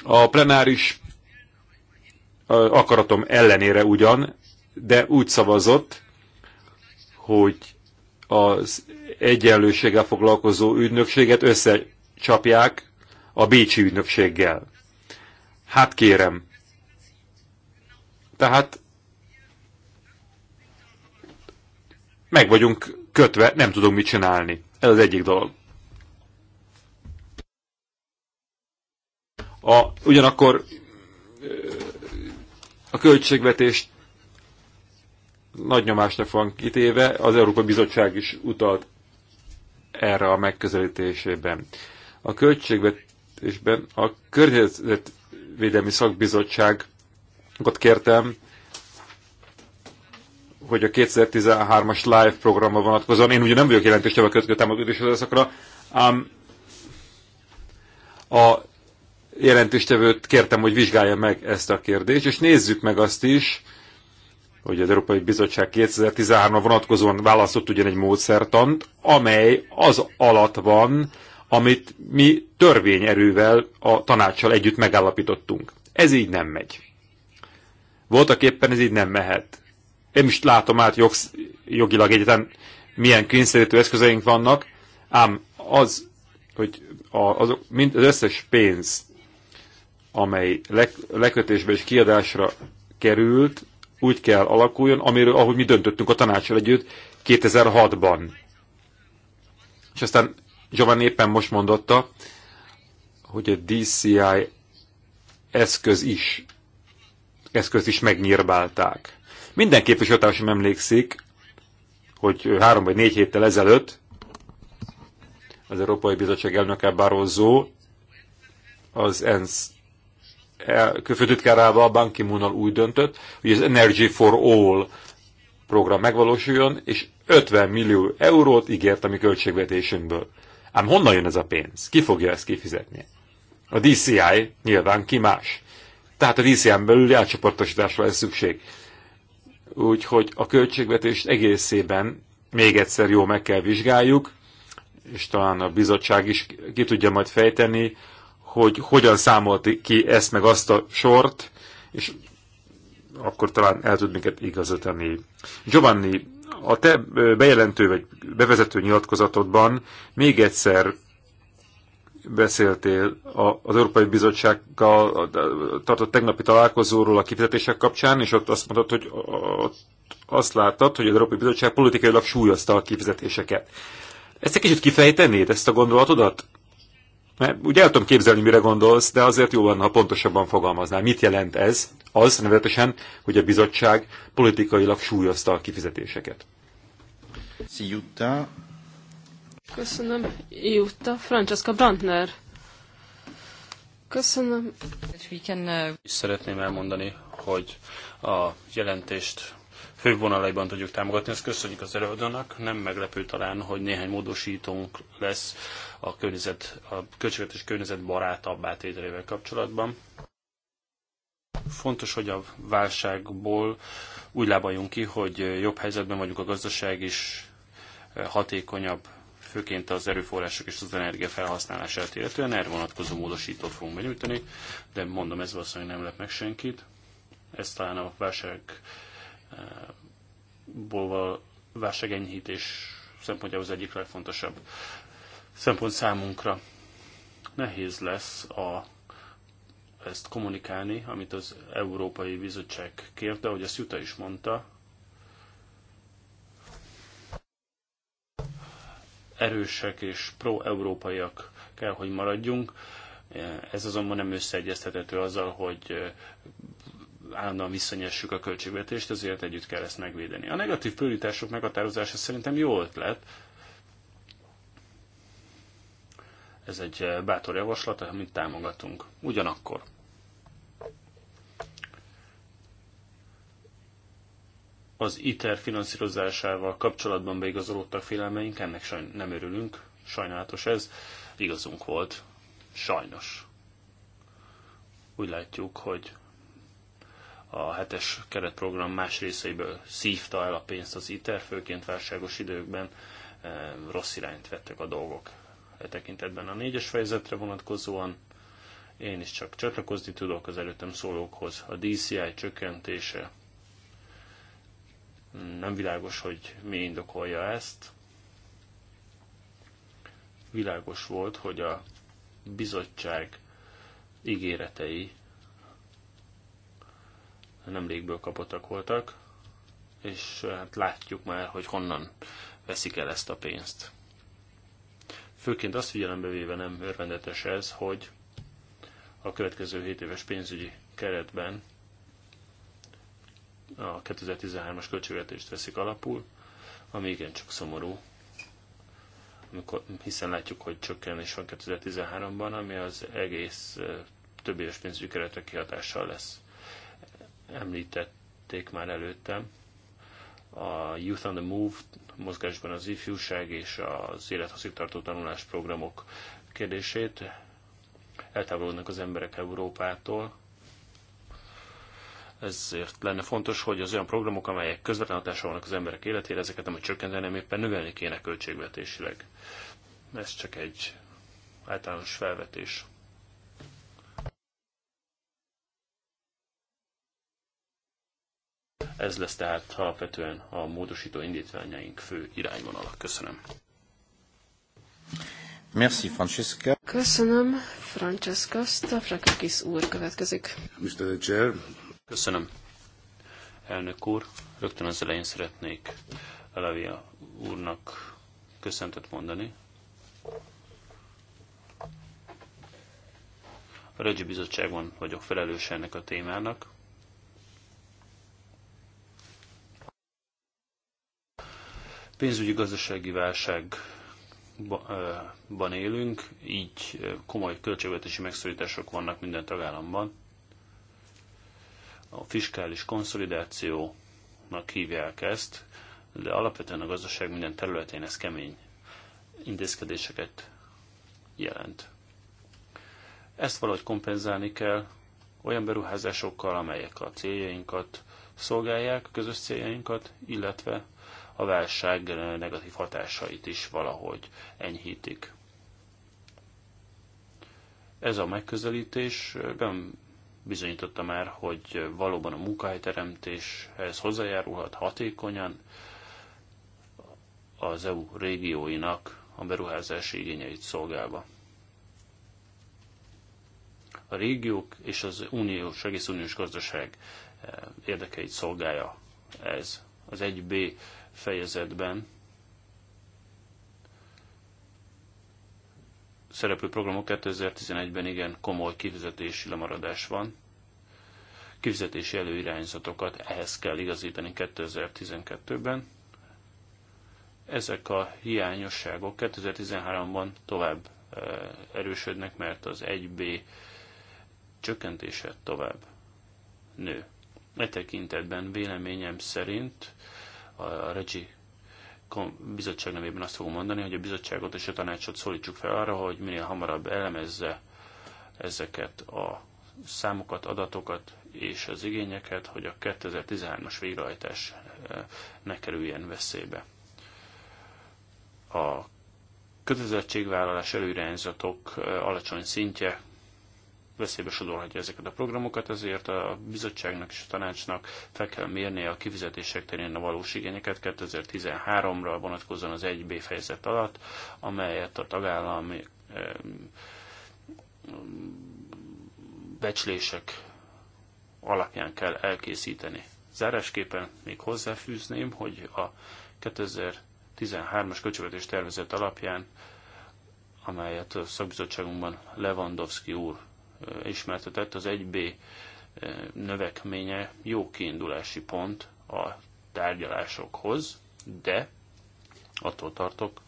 A plenáris akaratom ellenére ugyan, de úgy szavazott, hogy az egyenlőséggel foglalkozó ügynökséget összecsapják a Bécsi ügynökséggel. Hát kérem. Tehát meg vagyunk kötve, nem tudunk mit csinálni. Ez az egyik dolog. A, ugyanakkor a költségvetést nagy nyomásnak van kitéve, az Európai Bizottság is utalt erre a megközelítésében. A költségvetésben a Környezetvédelmi Szakbizottságot kértem, hogy a 2013-as live programra vonatkozóan, én ugye nem vagyok jelentős a kötő támogatási időszakra, ám a jelentéstevőt kértem, hogy vizsgálja meg ezt a kérdést, és nézzük meg azt is, hogy az Európai Bizottság 2013-ra vonatkozóan választott ugyan egy módszertant, amely az alatt van, amit mi törvényerővel a tanácssal együtt megállapítottunk. Ez így nem megy. Voltak éppen ez így nem mehet. Én is látom át jogsz, jogilag egyetlen milyen kényszerítő eszközeink vannak, ám az, hogy a, az, mind, az összes pénz, amely le, lekötésbe és kiadásra került, úgy kell alakuljon, amiről, ahogy mi döntöttünk a tanácsal együtt 2006-ban. És aztán Giovanni éppen most mondotta, hogy a DCI eszköz is, eszköz is megnyírbálták. Minden képviselőtársam emlékszik, hogy három vagy négy héttel ezelőtt az Európai Bizottság elnöke Barroso az ENSZ főtitkárával, Ban ki úgy döntött, hogy az Energy for All program megvalósuljon, és 50 millió eurót ígért a mi költségvetésünkből. Ám honnan jön ez a pénz? Ki fogja ezt kifizetni? A DCI nyilván ki más. Tehát a DCI-n belül átcsoportosításra lesz szükség. Úgyhogy a költségvetést egészében még egyszer jó meg kell vizsgáljuk, és talán a bizottság is ki tudja majd fejteni, hogy hogyan számolt ki ezt meg azt a sort, és akkor talán el tud minket igazítani. Giovanni, a te bejelentő vagy bevezető nyilatkozatodban még egyszer beszéltél az Európai Bizottsággal tartott tegnapi találkozóról a kifizetések kapcsán, és ott azt mondtad, hogy azt láttad, hogy az Európai Bizottság politikailag súlyozta a kifizetéseket. Ezt egy kicsit kifejtenéd, ezt a gondolatodat? Mert ugye el tudom képzelni, mire gondolsz, de azért jó lenne, ha pontosabban fogalmaznál. Mit jelent ez? Az nevetesen, hogy a bizottság politikailag súlyozta a kifizetéseket. Jutta. Köszönöm, Jutta. Francesca Brandner. Köszönöm. Is szeretném elmondani, hogy a jelentést fő vonalaiban tudjuk támogatni. Ezt köszönjük az előadónak. Nem meglepő talán, hogy néhány módosítónk lesz a, környezet, a költségvetés környezet barátabb átételével kapcsolatban. Fontos, hogy a válságból úgy lábaljunk ki, hogy jobb helyzetben vagyunk a gazdaság is hatékonyabb, főként az erőforrások és az energia felhasználását illetően erre vonatkozó módosítót fogunk benyújtani, de mondom, ez valószínűleg nem lep meg senkit. Ez talán a válság ból válságenyhítés szempontjából az egyik legfontosabb szempont számunkra. Nehéz lesz a, ezt kommunikálni, amit az Európai Bizottság kért, de ahogy ezt Juta is mondta, erősek és pro-európaiak kell, hogy maradjunk. Ez azonban nem összeegyeztethető azzal, hogy állandóan visszanyessük a költségvetést, ezért együtt kell ezt megvédeni. A negatív prioritások meghatározása szerintem jó ötlet. Ez egy eh, bátor javaslat, amit támogatunk. Ugyanakkor az ITER finanszírozásával kapcsolatban beigazolódtak félelmeink, ennek sajn- nem örülünk, sajnálatos ez, igazunk volt, sajnos. Úgy látjuk, hogy a hetes keretprogram más részeiből szívta el a pénzt az ITER, főként válságos időkben eh, rossz irányt vettek a dolgok e tekintetben. A négyes fejezetre vonatkozóan én is csak csatlakozni tudok az előttem szólókhoz. A DCI csökkentése mm, nem világos, hogy mi indokolja ezt. Világos volt, hogy a bizottság ígéretei nem légből kapottak voltak, és hát látjuk már, hogy honnan veszik el ezt a pénzt. Főként azt figyelembe véve nem örvendetes ez, hogy a következő 7 éves pénzügyi keretben a 2013-as költségvetést veszik alapul, ami igencsak szomorú, amikor, hiszen látjuk, hogy csökkenés van 2013-ban, ami az egész több éves pénzügyi keretre kihatással lesz említették már előttem, a Youth on the Move mozgásban az ifjúság és az élethosszígtartó tanulás programok kérdését. Eltávolodnak az emberek Európától, ezért lenne fontos, hogy az olyan programok, amelyek közvetlen hatással vannak az emberek életére, ezeket nem csökkenteni, hanem éppen növelni kéne költségvetésileg. Ez csak egy általános felvetés. Ez lesz tehát alapvetően a módosító indítványaink fő irányvonala. Köszönöm. Merci, Francesca. Köszönöm, Francesca. Stafrakakis úr következik. Mr. Chair. Köszönöm. Elnök úr, rögtön az elején szeretnék Elavia úrnak köszöntet mondani. A Regi Bizottságban vagyok felelős ennek a témának. pénzügyi gazdasági válságban élünk, így komoly költségvetési megszorítások vannak minden tagállamban. A fiskális konszolidációnak hívják ezt, de alapvetően a gazdaság minden területén ez kemény intézkedéseket jelent. Ezt valahogy kompenzálni kell olyan beruházásokkal, amelyek a céljainkat szolgálják, a közös céljainkat, illetve a válság negatív hatásait is valahogy enyhítik. Ez a megközelítés nem bizonyította már, hogy valóban a munkahelyteremtéshez hozzájárulhat hatékonyan az EU régióinak a beruházási igényeit szolgálva a régiók és az uniós, egész uniós gazdaság eh, érdekeit szolgálja ez. Az 1B fejezetben szereplő programok 2011-ben igen komoly kifizetési lemaradás van. Kifizetési előirányzatokat ehhez kell igazítani 2012-ben. Ezek a hiányosságok 2013-ban tovább eh, erősödnek, mert az 1B csökkentése tovább nő. E tekintetben véleményem szerint a Regi bizottság nevében azt fogom mondani, hogy a bizottságot és a tanácsot szólítsuk fel arra, hogy minél hamarabb elemezze ezeket a számokat, adatokat és az igényeket, hogy a 2013-as végrehajtás eh, ne kerüljen veszélybe. A kötelezettségvállalás előirányzatok eh, alacsony szintje veszélybe sodorhatja ezeket a programokat, ezért a bizottságnak és a tanácsnak fel kell mérnie a kifizetések terén a valós igényeket 2013-ra vonatkozóan az 1B fejezet alatt, amelyet a tagállami becslések alapján kell elkészíteni. Zárásképpen még hozzáfűzném, hogy a 2013-as költségvetés tervezet alapján, amelyet a szakbizottságunkban Lewandowski úr ismertetett, az 1B eh, növekménye jó kiindulási pont a tárgyalásokhoz, de attól tartok,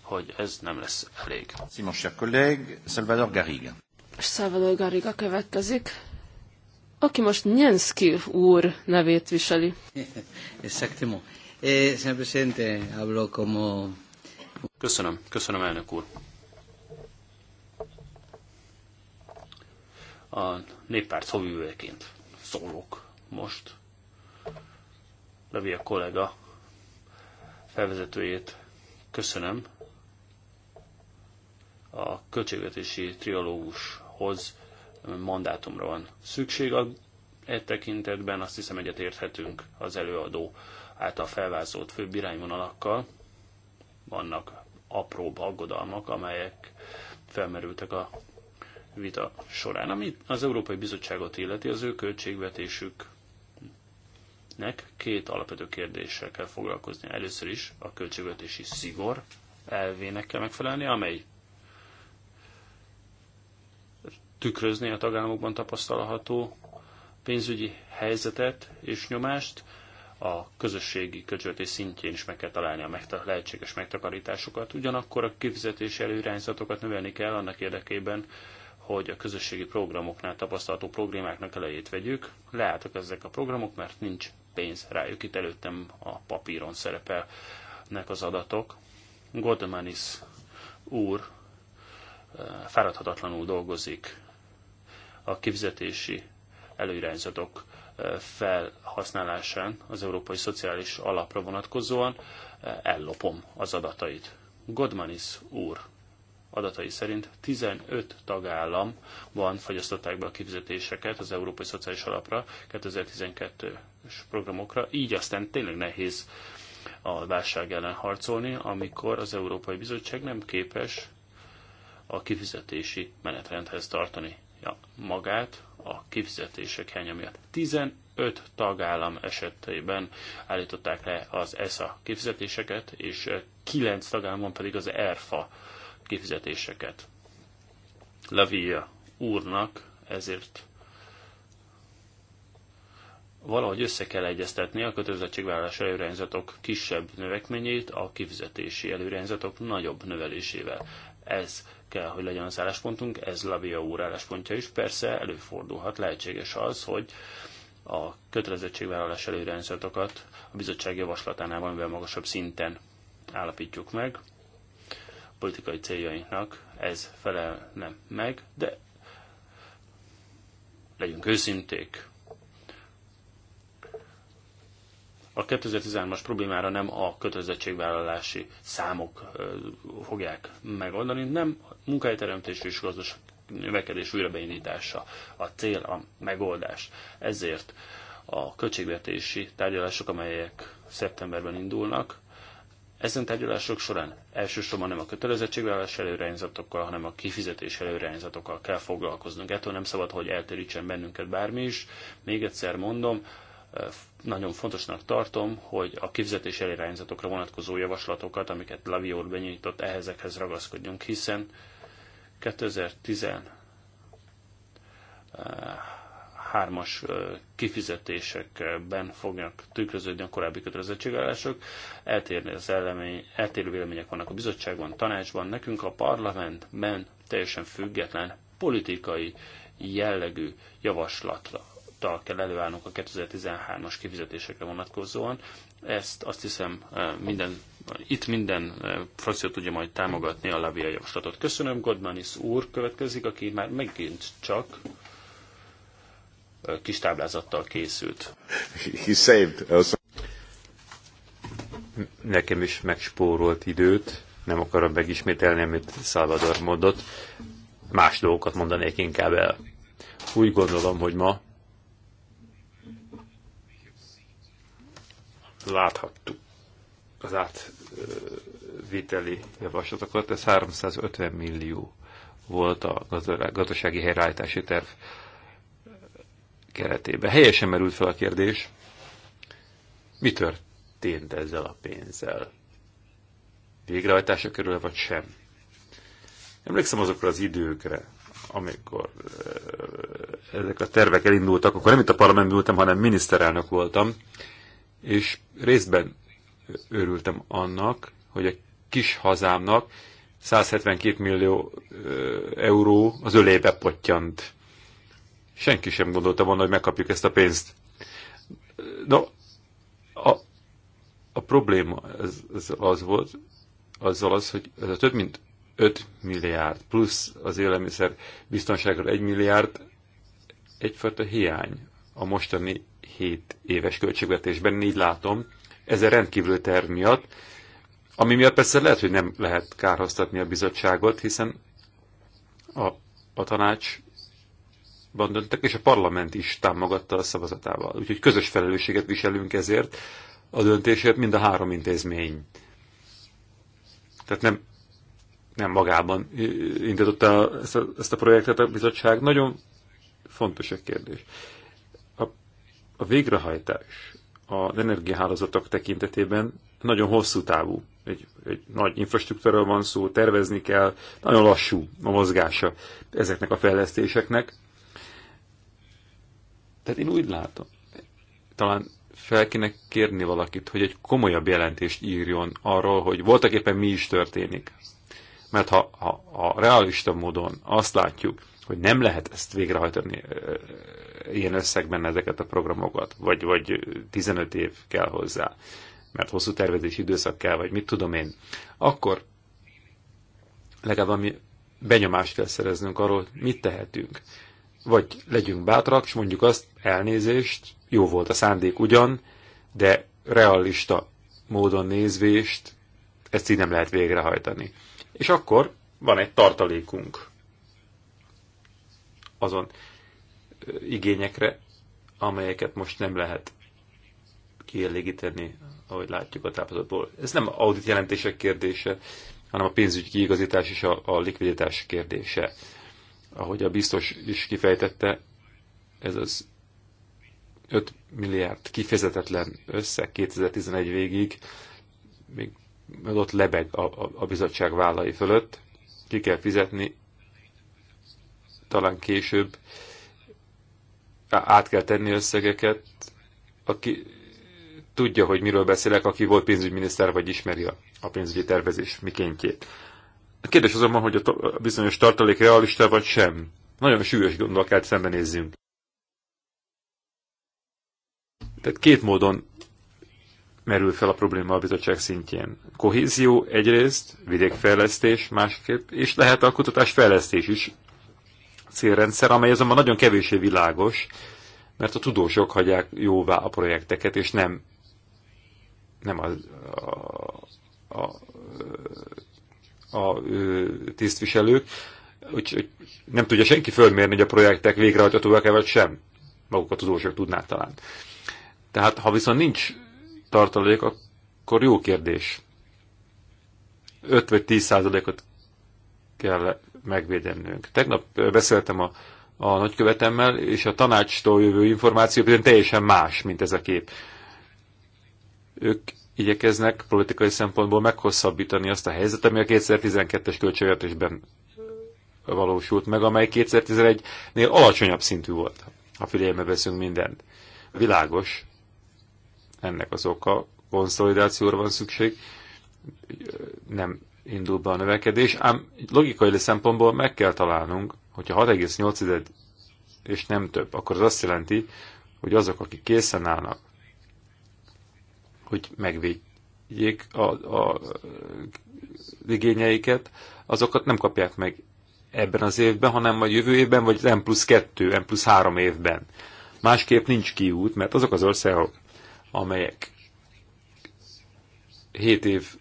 hogy ez nem lesz elég. Simon cher collègue, Salvador Garriga. Salvador Garriga következik, aki most Nyenszki úr nevét viseli. Exactement. Eh, hablo como... Köszönöm, köszönöm elnök úr. a néppárt szóvivőjeként szólok most. Levi a kollega felvezetőjét köszönöm. A költségvetési triológushoz mandátumra van szükség. A e tekintetben azt hiszem érthetünk az előadó által felvázolt főbb irányvonalakkal. Vannak apróbb aggodalmak, amelyek felmerültek a vita során. Ami az Európai Bizottságot illeti, az ő költségvetésüknek két alapvető kérdéssel kell foglalkozni. Először is a költségvetési szigor elvének kell megfelelni, amely tükrözni a tagállamokban tapasztalható pénzügyi helyzetet és nyomást, a közösségi költségvetés szintjén is meg kell találni a megta- lehetséges megtakarításokat. Ugyanakkor a kifizetési előirányzatokat növelni kell annak érdekében, hogy a közösségi programoknál tapasztalható problémáknak elejét vegyük. Leálltak ezek a programok, mert nincs pénz rájuk. Itt előttem a papíron szerepelnek az adatok. Goldmanis úr eh, fáradhatatlanul dolgozik a kifizetési előirányzatok eh, felhasználásán az Európai Szociális Alapra vonatkozóan, eh, ellopom az adatait. Godmanis úr adatai szerint 15 van fagyasztották be a kifizetéseket az Európai Szociális Alapra 2012-es programokra, így aztán tényleg nehéz a válság ellen harcolni, amikor az Európai Bizottság nem képes a kifizetési menetrendhez tartani ja, magát a kifizetések hiánya miatt. 15 tagállam esetében állították le az ESA kifizetéseket, és 9 tagállamon pedig az ERFA kifizetéseket. Lavia úrnak ezért valahogy össze kell egyeztetni a kötelezettségvállalási előirányzatok kisebb növekményét a kifizetési előirányzatok nagyobb növelésével. Ez kell, hogy legyen az álláspontunk, ez Lavia úr álláspontja is. Persze előfordulhat, lehetséges az, hogy a kötelezettségvállalás előirányzatokat a bizottság javaslatánál valamivel magasabb szinten állapítjuk meg politikai céljainknak ez felelne meg, de legyünk őszinték. A 2013-as problémára nem a kötelezettségvállalási számok fogják megoldani, nem a munkahelyteremtés és gazdaság növekedés újrabeindítása a cél, a megoldás. Ezért a költségvetési tárgyalások, amelyek szeptemberben indulnak, ezen tárgyalások során elsősorban nem a kötelezettségvállalás előirányzatokkal, hanem a kifizetés előirányzatokkal kell foglalkoznunk. Ettől nem szabad, hogy elterítsen bennünket bármi is. Még egyszer mondom, eh, nagyon fontosnak tartom, hogy a kifizetés előirányzatokra vonatkozó javaslatokat, amiket Lavi úr benyújtott, ehhezekhez ragaszkodjunk, hiszen 2010 hármas kifizetésekben fognak tükröződni a korábbi kötelezettségvállások. Eltérni az ellemény, eltérő vélemények vannak a bizottságban, tanácsban, nekünk a parlamentben teljesen független politikai jellegű javaslatra kell előállnunk a 2013-as kifizetésekre vonatkozóan. Ezt azt hiszem minden, itt minden frakció tudja majd támogatni a Lavia javaslatot. Köszönöm, Godmanis úr következik, aki már megint csak kis táblázattal készült. He saved also. Uh, Nekem is megspórolt időt, nem akarom megismételni, amit Salvador mondott. Más dolgokat mondanék inkább el. Úgy gondolom, hogy ma láthattuk az átviteli javaslatokat, ez 350 millió volt a gazdasági helyreállítási terv keretében. Helyesen merült fel a kérdés, mi történt ezzel a pénzzel? Végrehajtása körül vagy sem? Emlékszem azokra az időkre, amikor eh, ezek a tervek elindultak, akkor nem itt a parlamentben ültem, hanem miniszterelnök voltam, és részben örültem annak, hogy a kis hazámnak 172 millió eh, euró az ölébe pottyant Senki sem gondolta volna, hogy megkapjuk ezt a pénzt. No, a, a probléma az, az, az volt, azzal az, hogy ez a több mint 5 milliárd plusz az élelmiszer biztonságra 1 milliárd egyfajta hiány a mostani 7 éves költségvetésben, így látom, ez a rendkívül terv miatt, ami miatt persze lehet, hogy nem lehet kárhoztatni a bizottságot, hiszen a, a tanács döntöttek, és a parlament is támogatta a szavazatával. Úgyhogy közös felelősséget viselünk ezért a döntésért mind a három intézmény. Tehát nem, nem magában indította ezt a, ezt a projektet a bizottság. Nagyon fontos a kérdés. A, a végrehajtás az energiahálózatok tekintetében nagyon hosszú távú. Egy, egy nagy infrastruktúra van szó, tervezni kell, nagyon lassú a mozgása ezeknek a fejlesztéseknek. Tehát én úgy látom, talán fel kéne kérni valakit, hogy egy komolyabb jelentést írjon arról, hogy voltak éppen mi is történik. Mert ha, ha a realista módon azt látjuk, hogy nem lehet ezt végrehajtani ilyen összegben ezeket a programokat, vagy, vagy 15 év kell hozzá, mert hosszú tervezési időszak kell, vagy mit tudom én, akkor legalább ami benyomást kell szereznünk arról, mit tehetünk. Vagy legyünk bátrak, és mondjuk azt, elnézést, jó volt a szándék ugyan, de realista módon nézvést ezt így nem lehet végrehajtani. És akkor van egy tartalékunk azon igényekre, amelyeket most nem lehet kielégíteni, ahogy látjuk a táplálatból. Ez nem audit jelentések kérdése, hanem a pénzügyi kiigazítás és a, a likviditás kérdése. Ahogy a biztos is kifejtette, ez az 5 milliárd kifizetetlen összeg 2011 végig még ott lebeg a, a, a bizottság vállai fölött. Ki kell fizetni, talán később át kell tenni összegeket, aki tudja, hogy miről beszélek, aki volt pénzügyminiszter, vagy ismeri a, a pénzügyi tervezés mikéntjét. A kérdés azonban, hogy a bizonyos tartalék realista vagy sem. Nagyon súlyos gondol kell szembenézzünk. Tehát két módon merül fel a probléma a bizottság szintjén. Kohézió egyrészt, vidékfejlesztés másképp, és lehet a kutatásfejlesztés is célrendszer, amely azonban nagyon kevésé világos, mert a tudósok hagyják jóvá a projekteket, és nem, nem a, a, a, a tisztviselők, úgyhogy nem tudja senki fölmérni, hogy a projektek végrehajtatóak-e vagy sem. Maguk a tudósok tudnák talán. Tehát ha viszont nincs tartalék, akkor jó kérdés. 5 vagy 10 százalékot kell megvédenünk. Tegnap beszéltem a, a nagykövetemmel, és a tanácstól jövő információ teljesen más, mint ez a kép. Ők igyekeznek politikai szempontból meghosszabbítani azt a helyzetet, ami a 2012-es költségvetésben valósult meg, amely 2011-nél alacsonyabb szintű volt, ha figyelme veszünk mindent. Világos, ennek az oka, konszolidációra van szükség, nem indul be a növekedés, ám logikai szempontból meg kell találnunk, hogyha 6,8 és nem több, akkor az azt jelenti, hogy azok, akik készen állnak hogy megvédjék a, a, a igényeiket, azokat nem kapják meg ebben az évben, hanem a jövő évben, vagy az M plusz 2, M plusz 3 évben. Másképp nincs kiút, mert azok az országok, amelyek 7 év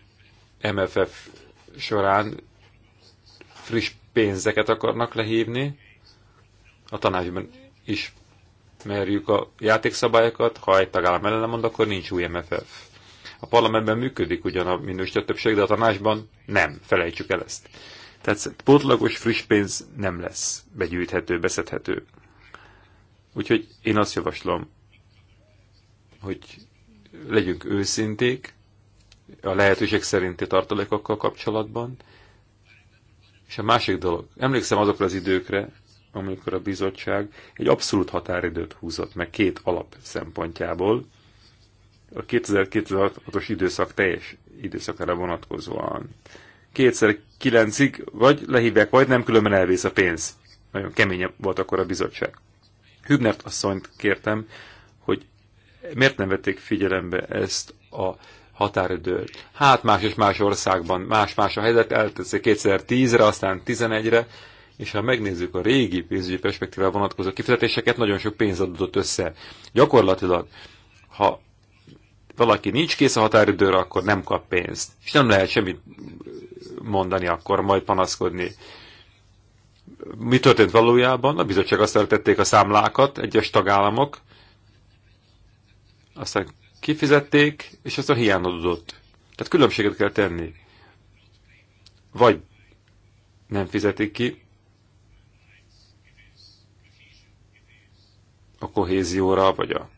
MFF során friss pénzeket akarnak lehívni, a tanácsban is ismerjük a játékszabályokat, ha egy tagállam ellen mond, akkor nincs új MFF. A parlamentben működik ugyan a minősített többség, de a tanácsban nem, felejtsük el ezt. Tehát pótlagos friss pénz nem lesz begyűjthető, beszedhető. Úgyhogy én azt javaslom, hogy legyünk őszinték a lehetőség szerinti tartalékokkal kapcsolatban, és a másik dolog, emlékszem azokra az időkre, amikor a bizottság egy abszolút határidőt húzott meg két alap szempontjából, a 2026 os időszak teljes időszakára vonatkozóan. 2009-ig vagy lehívják, vagy nem, különben elvész a pénz. Nagyon keményebb volt akkor a bizottság. Hübnert asszonyt kértem, hogy miért nem vették figyelembe ezt a határidőt. Hát más és más országban más-más a helyzet, elteszi 2010-re, aztán 11-re, és ha megnézzük a régi pénzügyi perspektívával vonatkozó kifizetéseket, nagyon sok pénz adott össze. Gyakorlatilag, ha valaki nincs kész a határidőre, akkor nem kap pénzt. És nem lehet semmit mondani akkor, majd panaszkodni. Mi történt valójában? A bizottság azt eltették a számlákat, egyes tagállamok, aztán kifizették, és aztán hiányodott. Tehát különbséget kell tenni. Vagy nem fizetik ki, a kohézióra, vagy a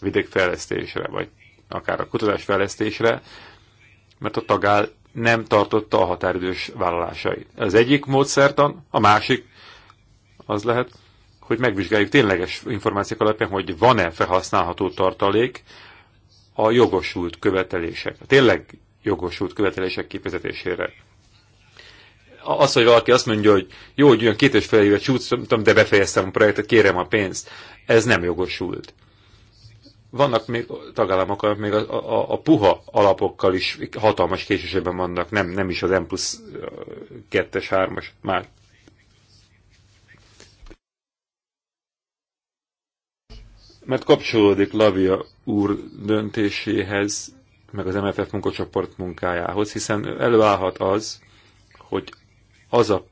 vidékfejlesztésre, vagy akár a kutatásfejlesztésre, mert a tagál nem tartotta a határidős vállalásait. Az egyik módszertan, a másik az lehet, hogy megvizsgáljuk tényleges információk alapján, hogy van-e felhasználható tartalék a jogosult követelések, a tényleg jogosult követelések kifizetésére az, hogy valaki azt mondja, hogy jó, hogy olyan két és fél éve csúsztam, de befejeztem a projektet, kérem a pénzt, ez nem jogosult. Vannak még tagállamok, még a, a, a puha alapokkal is hatalmas késésében vannak, nem, nem is az M plusz 2-es, 3-as, már mert kapcsolódik Lavia úr döntéséhez, meg az MFF munkacsoport munkájához, hiszen előállhat az, hogy az a,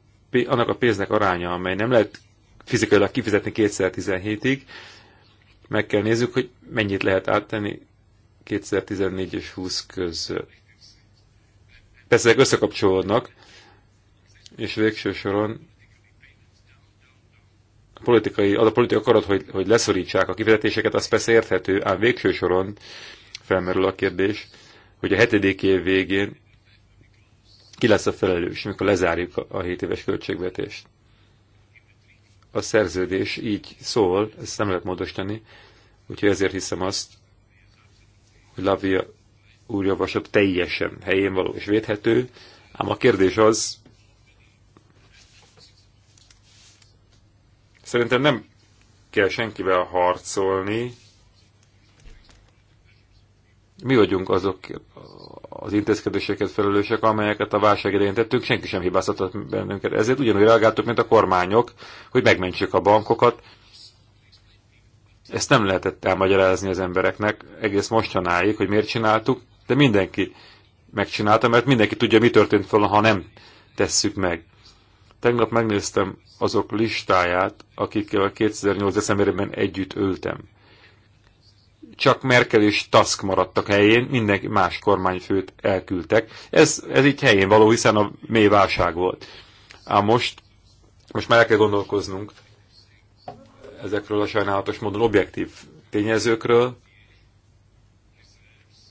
annak a pénznek aránya, amely nem lehet fizikailag kifizetni 2017-ig, meg kell nézzük, hogy mennyit lehet áttenni 2014 és 20 között. Persze ezek összekapcsolódnak, és végső soron a politikai, az a politikai akarat, hogy, hogy leszorítsák a kifizetéseket, az persze érthető, ám végső soron felmerül a kérdés, hogy a hetedik év végén ki lesz a felelős, mikor lezárjuk a 7 éves költségvetést? A szerződés így szól, ezt nem lehet módosítani, úgyhogy ezért hiszem azt, hogy Lavia úr javaslat teljesen helyén való és védhető, ám a kérdés az, szerintem nem kell senkivel harcolni, mi vagyunk azok az intézkedéseket felelősek, amelyeket a válság idején tettünk, senki sem hibáztatott bennünket. Ezért ugyanúgy reagáltuk, mint a kormányok, hogy megmentsük a bankokat. Ezt nem lehetett elmagyarázni az embereknek egész mostanáig, hogy miért csináltuk, de mindenki megcsinálta, mert mindenki tudja, mi történt volna, ha nem tesszük meg. Tegnap megnéztem azok listáját, akikkel 2008. decemberében együtt ültem csak Merkel és Tusk maradtak helyén, mindenki más kormányfőt elküldtek. Ez, ez így helyén való, hiszen a mély válság volt. Ám most, most már el kell gondolkoznunk ezekről a sajnálatos módon objektív tényezőkről,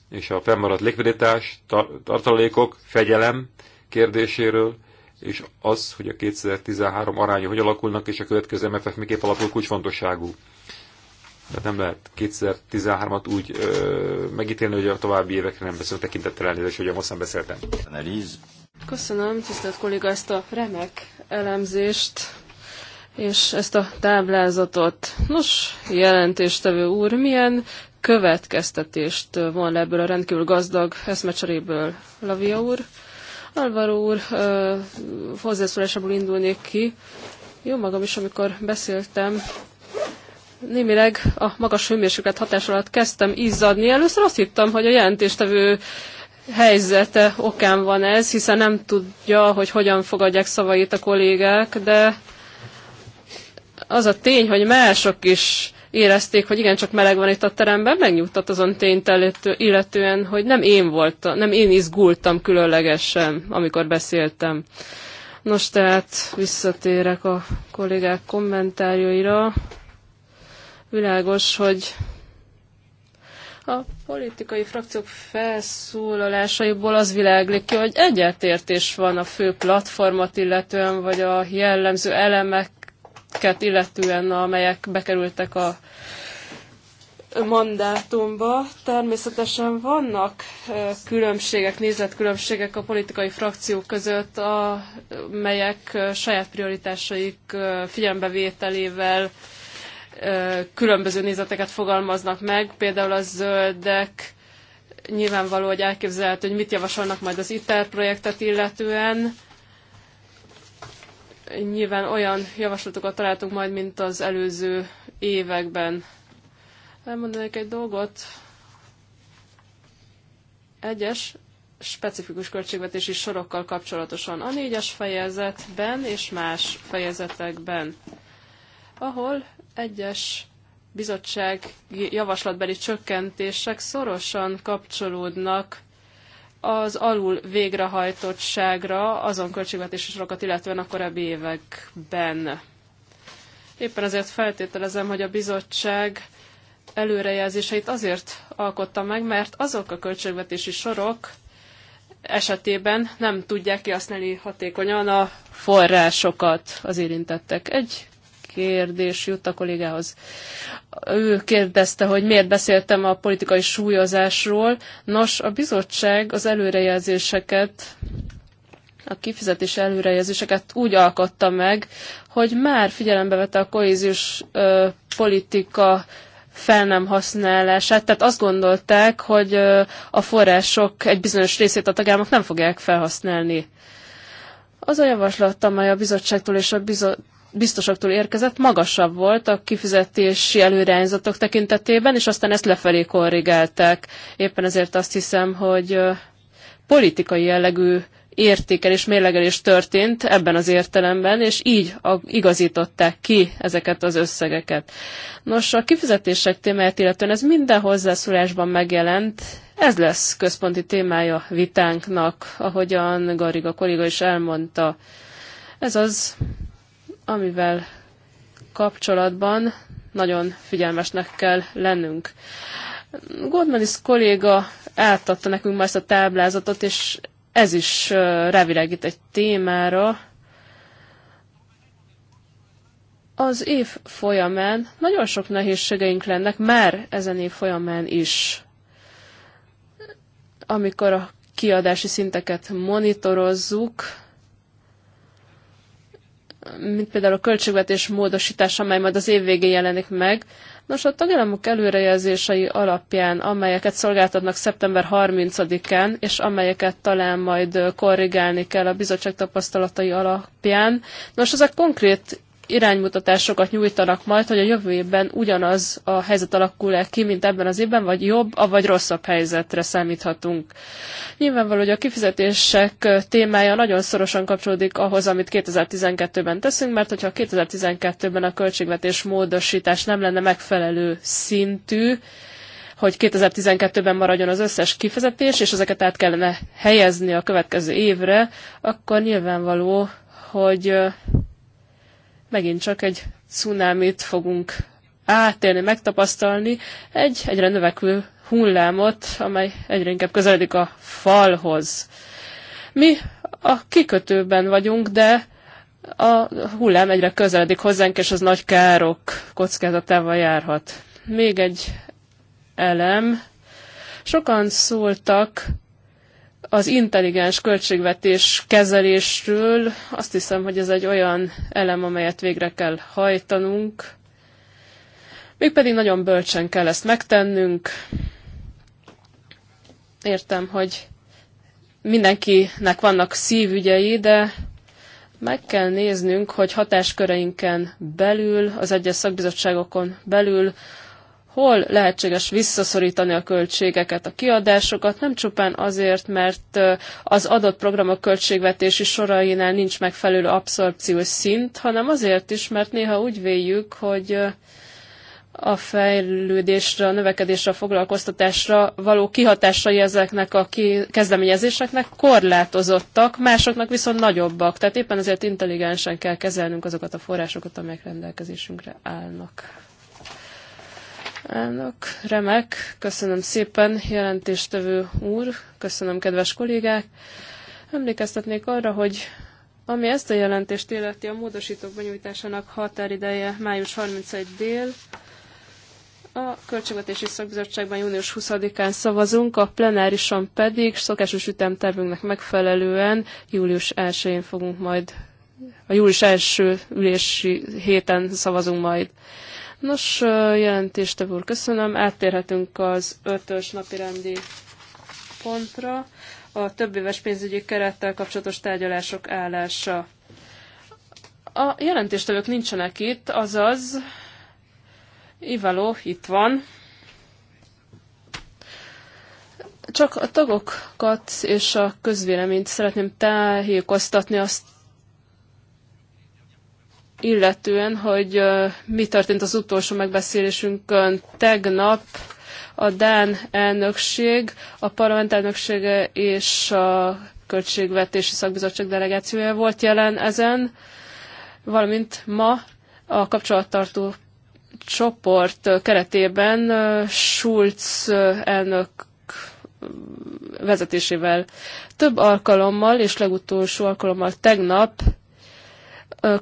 és a fennmaradt likviditás, tartalékok, fegyelem kérdéséről, és az, hogy a 2013 arányú hogy alakulnak, és a következő MFF miképp alakul kulcsfontosságú. Tehát nem lehet 2013-at úgy ö, megítélni, hogy a további évekre nem beszélt tekintettel elnézést, hogy a hosszan beszéltem. Köszönöm, tisztelt kolléga, ezt a remek elemzést és ezt a táblázatot. Nos, jelentéstevő úr, milyen következtetést van le ebből a rendkívül gazdag eszmecseréből, Lavia úr? Alvaro úr hozzászólásából indulnék ki. Jó magam is, amikor beszéltem némileg a magas hőmérséklet hatás alatt kezdtem izzadni. Először azt hittem, hogy a jelentéstevő helyzete okán van ez, hiszen nem tudja, hogy hogyan fogadják szavait a kollégák, de az a tény, hogy mások is érezték, hogy igencsak meleg van itt a teremben, megnyugtat azon tényt illetően, hogy nem én voltam, nem én izgultam különlegesen, amikor beszéltem. Nos, tehát visszatérek a kollégák kommentárjaira. Világos, hogy a politikai frakciók felszólalásaiból az világlik ki, hogy egyetértés van a fő platformat illetően, vagy a jellemző elemeket illetően, amelyek bekerültek a mandátumba. Természetesen vannak különbségek, nézetkülönbségek a politikai frakciók között, amelyek saját prioritásaik figyelembevételével különböző nézeteket fogalmaznak meg, például a zöldek nyilvánvaló, hogy elképzelhető, hogy mit javasolnak majd az ITER projektet illetően. Nyilván olyan javaslatokat találtunk majd, mint az előző években. Elmondanék egy dolgot. Egyes specifikus költségvetési sorokkal kapcsolatosan a négyes fejezetben és más fejezetekben, ahol egyes bizottság javaslatbeli csökkentések szorosan kapcsolódnak az alul végrehajtottságra azon költségvetési sorokat, illetően a korábbi években. Éppen ezért feltételezem, hogy a bizottság előrejelzéseit azért alkotta meg, mert azok a költségvetési sorok esetében nem tudják kihasználni hatékonyan a forrásokat az érintettek. Egy kérdés jut a kollégához. Ő kérdezte, hogy miért beszéltem a politikai súlyozásról. Nos, a bizottság az előrejelzéseket a kifizetés előrejelzéseket úgy alkotta meg, hogy már figyelembe vette a kohéziós ö, politika fel nem használását. Tehát azt gondolták, hogy a források egy bizonyos részét a tagállamok nem fogják felhasználni. Az a javaslat, amely a bizottságtól és a biztosoktól érkezett, magasabb volt a kifizetési előrányzatok tekintetében, és aztán ezt lefelé korrigálták. Éppen ezért azt hiszem, hogy politikai jellegű értékelés, mérlegelés történt ebben az értelemben, és így igazították ki ezeket az összegeket. Nos, a kifizetések témáját illetően ez minden hozzászólásban megjelent, ez lesz központi témája vitánknak, ahogyan Gariga kolléga is elmondta. Ez az, amivel kapcsolatban nagyon figyelmesnek kell lennünk. Goldmanis kolléga átadta nekünk már ezt a táblázatot, és ez is rávilágít egy témára. Az év folyamán nagyon sok nehézségeink lennek, már ezen év folyamán is. Amikor a kiadási szinteket monitorozzuk, mint például a költségvetés módosítás, amely majd az év végén jelenik meg. Nos, a tagállamok előrejelzései alapján, amelyeket szolgáltatnak szeptember 30-án, és amelyeket talán majd korrigálni kell a bizottság tapasztalatai alapján, nos, ezek konkrét iránymutatásokat nyújtanak majd, hogy a jövő évben ugyanaz a helyzet alakul -e ki, mint ebben az évben, vagy jobb, vagy rosszabb helyzetre számíthatunk. Nyilvánvaló, hogy a kifizetések témája nagyon szorosan kapcsolódik ahhoz, amit 2012-ben teszünk, mert hogyha 2012-ben a költségvetés módosítás nem lenne megfelelő szintű, hogy 2012-ben maradjon az összes kifizetés, és ezeket át kellene helyezni a következő évre, akkor nyilvánvaló, hogy megint csak egy cunámit fogunk átélni, megtapasztalni, egy egyre növekvő hullámot, amely egyre inkább közeledik a falhoz. Mi a kikötőben vagyunk, de a hullám egyre közeledik hozzánk, és az nagy károk kockázatával járhat. Még egy elem. Sokan szóltak az intelligens költségvetés kezelésről azt hiszem, hogy ez egy olyan elem, amelyet végre kell hajtanunk. Mégpedig nagyon bölcsen kell ezt megtennünk. Értem, hogy mindenkinek vannak szívügyei, de meg kell néznünk, hogy hatásköreinken belül, az egyes szakbizottságokon belül hol lehetséges visszaszorítani a költségeket, a kiadásokat, nem csupán azért, mert az adott programok költségvetési sorainál nincs megfelelő abszorpciós szint, hanem azért is, mert néha úgy véljük, hogy a fejlődésre, a növekedésre, a foglalkoztatásra való kihatásai ezeknek a kezdeményezéseknek korlátozottak, másoknak viszont nagyobbak. Tehát éppen ezért intelligensen kell kezelnünk azokat a forrásokat, amelyek rendelkezésünkre állnak. Elnök, remek, köszönöm szépen, jelentéstevő úr, köszönöm kedves kollégák. Emlékeztetnék arra, hogy ami ezt a jelentést illeti, a módosítók benyújtásának határideje május 31 dél. A Költségvetési Szakbizottságban június 20-án szavazunk, a plenárison pedig szokásos ütemtervünknek megfelelően július 1-én fogunk majd, a július első ülési héten szavazunk majd. Nos, jelentéste úr, köszönöm. Áttérhetünk az ötös napirendi pontra. A többéves pénzügyi kerettel kapcsolatos tárgyalások állása. A jelentéstevők nincsenek itt, azaz Ivaló itt van. Csak a tagokat és a közvéleményt szeretném tájékoztatni azt illetően, hogy mi történt az utolsó megbeszélésünkön tegnap, a Dán elnökség, a parlament elnöksége és a költségvetési szakbizottság delegációja volt jelen ezen, valamint ma a kapcsolattartó csoport keretében Schulz elnök vezetésével több alkalommal, és legutolsó alkalommal tegnap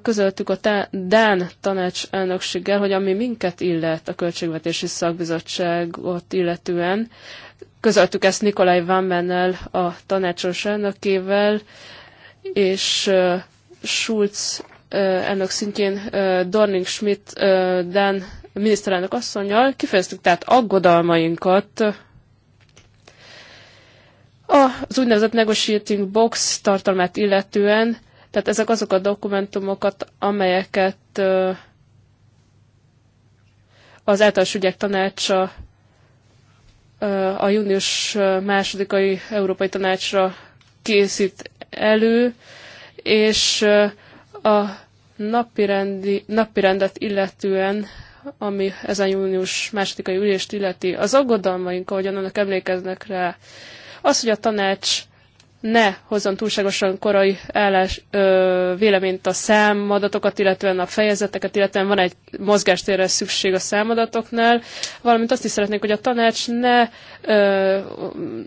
közöltük a Dán tanács elnökséggel, hogy ami minket illet a Költségvetési Szakbizottságot illetően, közöltük ezt Nikolaj Vámmennel, a tanácsos elnökével, és Schulz elnök szintjén Dorning Schmidt Dán miniszterelnök asszonynal kifejeztük tehát aggodalmainkat az úgynevezett negotiating box tartalmát illetően, tehát ezek azok a dokumentumokat, amelyeket az általános ügyek tanácsa a június másodikai Európai Tanácsra készít elő, és a napirendi, napirendet illetően, ami ez a június másodikai ülést illeti, az aggodalmaink, ahogyan önök emlékeznek rá, az, hogy a tanács ne hozzon túlságosan korai állás, ö, véleményt a számadatokat, illetően a fejezeteket, illetően van egy mozgástérre szükség a számadatoknál, valamint azt is szeretnék, hogy a tanács ne ö,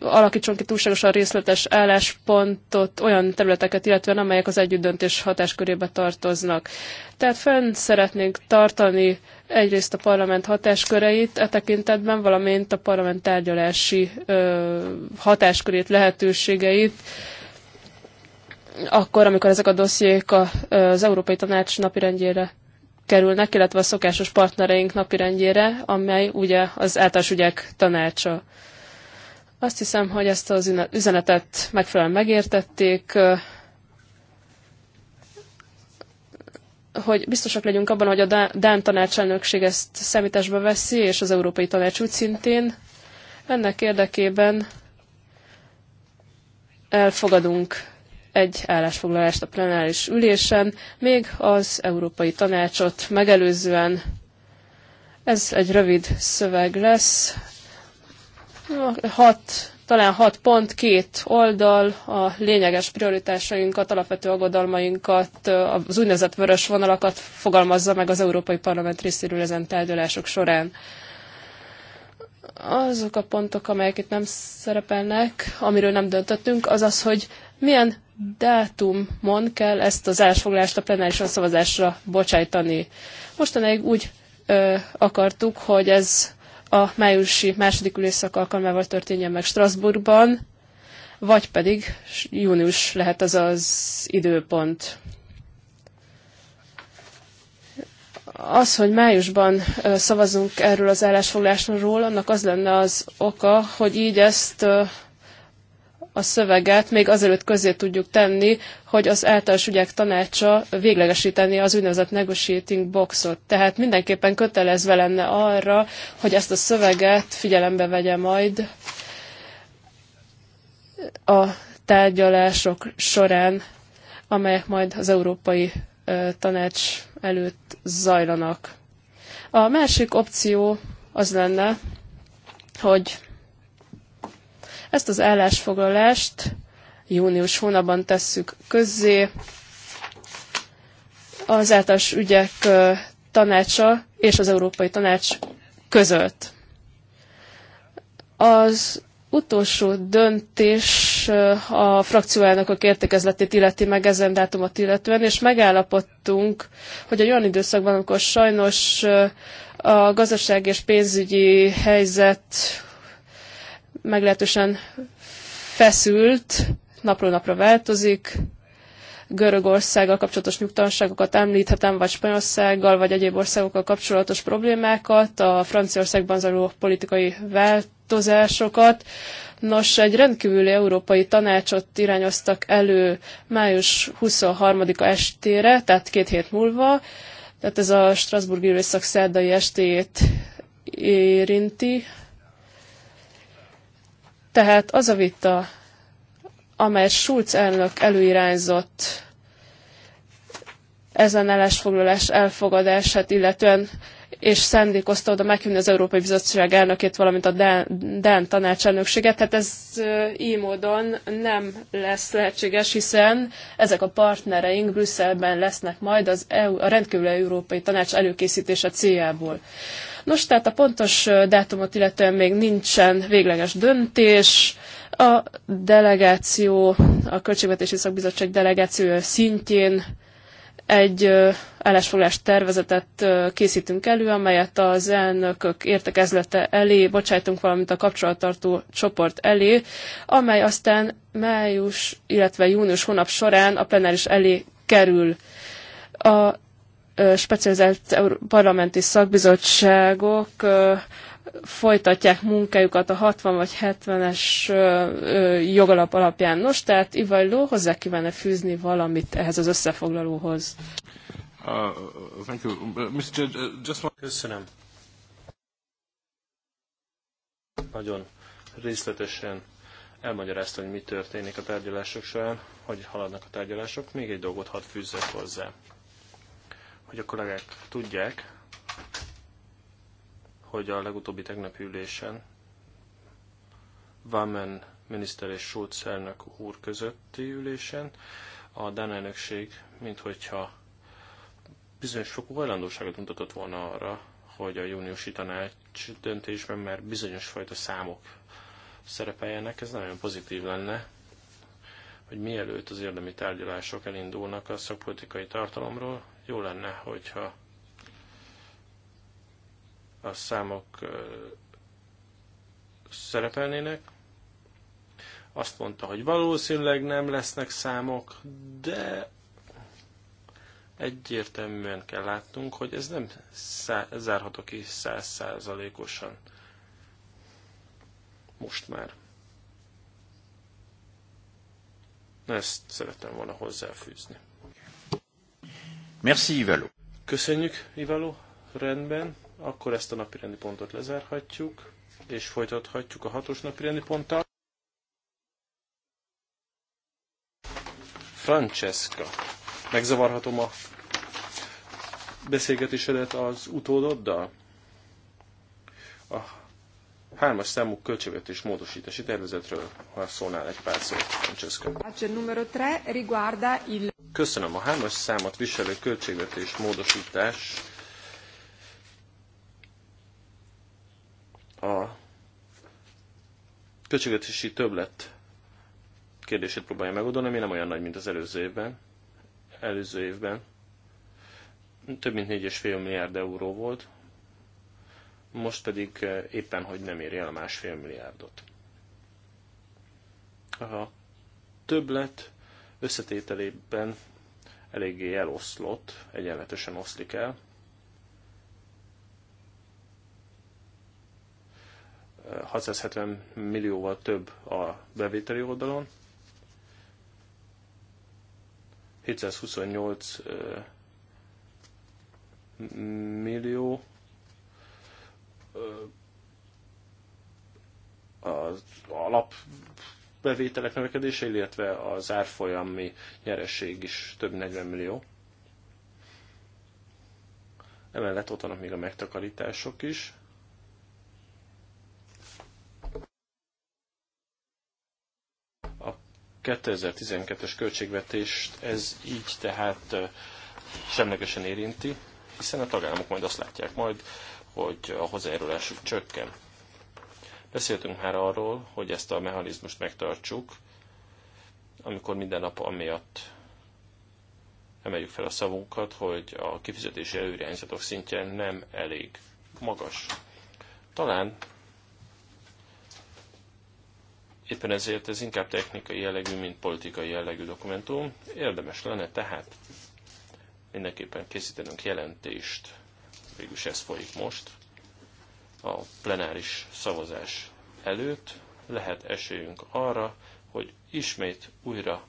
alakítson ki túlságosan részletes álláspontot olyan területeket, illetően amelyek az együttdöntés hatáskörébe tartoznak. Tehát fenn szeretnénk tartani egyrészt a parlament hatásköreit e tekintetben, valamint a parlament tárgyalási ö, hatáskörét, lehetőségeit, akkor, amikor ezek a dossziék az Európai Tanács napirendjére kerülnek, illetve a szokásos partnereink napirendjére, amely ugye az általános ügyek tanácsa. Azt hiszem, hogy ezt az üzenetet megfelelően megértették, hogy biztosak legyünk abban, hogy a Dán tanácselnökség ezt számításba veszi, és az Európai Tanács úgy szintén. Ennek érdekében elfogadunk egy állásfoglalást a plenáris ülésen, még az Európai Tanácsot megelőzően. Ez egy rövid szöveg lesz. Hat talán hat pont, két oldal, a lényeges prioritásainkat, alapvető aggodalmainkat, az úgynevezett vörös vonalakat fogalmazza meg az Európai Parlament részéről ezen tárgyalások során azok a pontok, amelyek itt nem szerepelnek, amiről nem döntöttünk, az az, hogy milyen dátumon kell ezt az állásfoglalást a plenárison szavazásra bocsájtani. Mostanáig úgy ö, akartuk, hogy ez a májusi második ülésszak alkalmával történjen meg Strasbourgban, vagy pedig június lehet az az időpont. Az, hogy májusban szavazunk erről az állásfoglásról, annak az lenne az oka, hogy így ezt a szöveget még azelőtt közé tudjuk tenni, hogy az általános ügyek tanácsa véglegesíteni az úgynevezett negotiating boxot. Tehát mindenképpen kötelezve lenne arra, hogy ezt a szöveget figyelembe vegye majd a tárgyalások során, amelyek majd az Európai Tanács előtt zajlanak. A másik opció az lenne, hogy ezt az állásfoglalást június hónapban tesszük közzé. Az általános ügyek tanácsa és az Európai Tanács között. Az utolsó döntés a frakcióelnökök értékezletét illeti meg ezen dátumot illetően, és megállapodtunk, hogy a olyan időszakban, amikor sajnos a gazdaság és pénzügyi helyzet meglehetősen feszült, napról napra változik. Görögországgal kapcsolatos nyugtalanságokat említhetem, vagy Spanyolországgal, vagy egyéb országokkal kapcsolatos problémákat, a Franciaországban zajló politikai változásokat. Nos, egy rendkívüli európai tanácsot irányoztak elő május 23-a estére, tehát két hét múlva, tehát ez a Strasburgi Ülésszak szerdai estét érinti, tehát az a vita, amely Schulz elnök előirányzott ezen állásfoglalás elfogadását, illetően és szándékozta oda meghívni az Európai Bizottság elnökét, valamint a Dán, tanácselnökséget. Hát ez így módon nem lesz lehetséges, hiszen ezek a partnereink Brüsszelben lesznek majd az EU, a rendkívül európai tanács előkészítése céljából. Nos, tehát a pontos dátumot illetően még nincsen végleges döntés. A delegáció, a Költségvetési Szakbizottság delegáció szintjén egy állásfoglalás tervezetet készítünk elő, amelyet az elnökök értekezlete elé bocsájtunk, valamint a kapcsolattartó csoport elé, amely aztán május, illetve június hónap során a plenáris elé kerül. A specializált parlamenti szakbizottságok folytatják munkájukat a 60 vagy 70-es jogalap alapján. Nos, tehát Ivajló hozzá kívánne fűzni valamit ehhez az összefoglalóhoz. Uh, uh, uh, Köszönöm. Nagyon részletesen elmagyarázta, hogy mi történik a tárgyalások során, hogy haladnak a tárgyalások. Még egy dolgot hadd fűzzek hozzá hogy a kollégák tudják, hogy a legutóbbi tegnapi ülésen Vámen miniszter és Schulz elnök úr közötti ülésen a Dán elnökség, minthogyha bizonyos fokú hajlandóságot mutatott volna arra, hogy a júniusi tanács döntésben már bizonyos fajta számok szerepeljenek, ez nagyon pozitív lenne, hogy mielőtt az érdemi tárgyalások elindulnak a szakpolitikai tartalomról, jó lenne, hogyha a számok szerepelnének. Azt mondta, hogy valószínűleg nem lesznek számok, de egyértelműen kell látnunk, hogy ez nem zárható ki százszázalékosan. Most már. Ezt szeretem volna hozzáfűzni. Merci, Ivalo. Köszönjük, Ivalo. Rendben. Akkor ezt a napirendi pontot lezárhatjuk, és folytathatjuk a hatos napirendi ponttal. Francesca. Megzavarhatom a beszélgetésedet az utódoddal? A hármas számú költségvetés módosítási tervezetről, ha szólnál egy pár szót, Francesca. numero 3 riguarda il Köszönöm a hármas számot viselő költségvetés módosítás a költségvetési többlet kérdését próbálja megoldani, ami nem olyan nagy, mint az előző évben. Előző évben több mint 4,5 milliárd euró volt, most pedig eh, éppen, hogy nem éri el a másfél milliárdot. A többlet összetételében eléggé eloszlott, egyenletesen oszlik el. Uh, 670 millióval több a bevételi oldalon, 728 uh, millió uh, az alap bevételek növekedése, illetve az árfolyami nyereség is több 40 millió. Emellett ott vannak még a megtakarítások is. A 2012-es költségvetést ez így tehát semlegesen érinti, hiszen a tagállamok majd azt látják majd, hogy a hozzájárulásuk csökken. Beszéltünk már arról, hogy ezt a mechanizmust megtartsuk, amikor minden nap amiatt emeljük fel a szavunkat, hogy a kifizetési előirányzatok szintje nem elég magas. Talán éppen ezért ez inkább technikai jellegű, mint politikai jellegű dokumentum. Érdemes lenne tehát mindenképpen készítenünk jelentést, végülis ez folyik most, a plenáris szavazás előtt lehet esélyünk arra, hogy ismét újra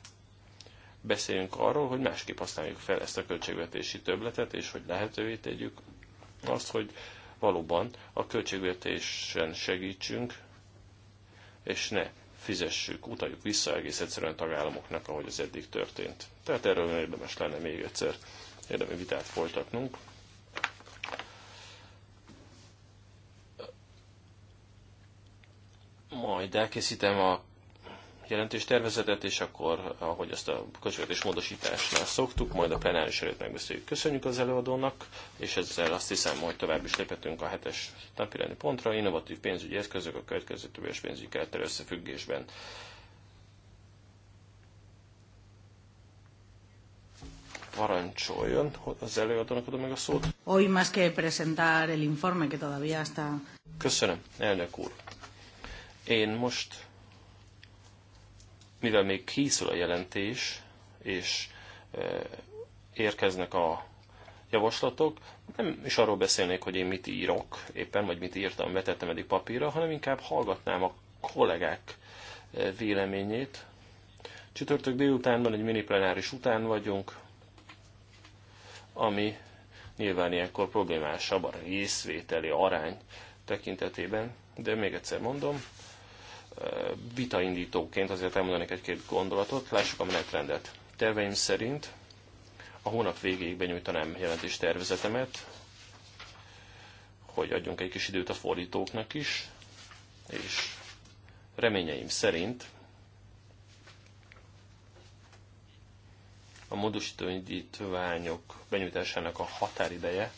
beszéljünk arról, hogy másképp használjuk fel ezt a költségvetési töbletet, és hogy lehetővé tegyük azt, hogy valóban a költségvetésen segítsünk, és ne fizessük, utaljuk vissza egész egyszerűen a tagállamoknak, ahogy az eddig történt. Tehát erről érdemes lenne még egyszer érdemi vitát folytatnunk. majd elkészítem a jelentéstervezetet, és akkor, ahogy azt a közvetés módosításnál szoktuk, majd a plenáris előtt megbeszéljük. Köszönjük az előadónak, és ezzel azt hiszem, hogy tovább is léphetünk a hetes napirendi pontra. Innovatív pénzügyi eszközök a következő többes pénzügyi kerettel összefüggésben. parancsoljon, az előadónak adom meg a szót. Hoy más que presentar el informe que todavía está. Köszönöm, elnök úr. Én most, mivel még készül a jelentés, és érkeznek a javaslatok, nem is arról beszélnék, hogy én mit írok éppen, vagy mit írtam, vetettem eddig papírra, hanem inkább hallgatnám a kollégák véleményét. Csütörtök délutánban, egy mini plenáris után vagyunk, ami nyilván ilyenkor problémásabb a részvételi arány tekintetében, de még egyszer mondom, vitaindítóként azért elmondanék egy-két gondolatot. Lássuk a menetrendet. Terveim szerint a hónap végéig benyújtanám jelentés tervezetemet, hogy adjunk egy kis időt a fordítóknak is, és reményeim szerint a módosító indítványok benyújtásának a határideje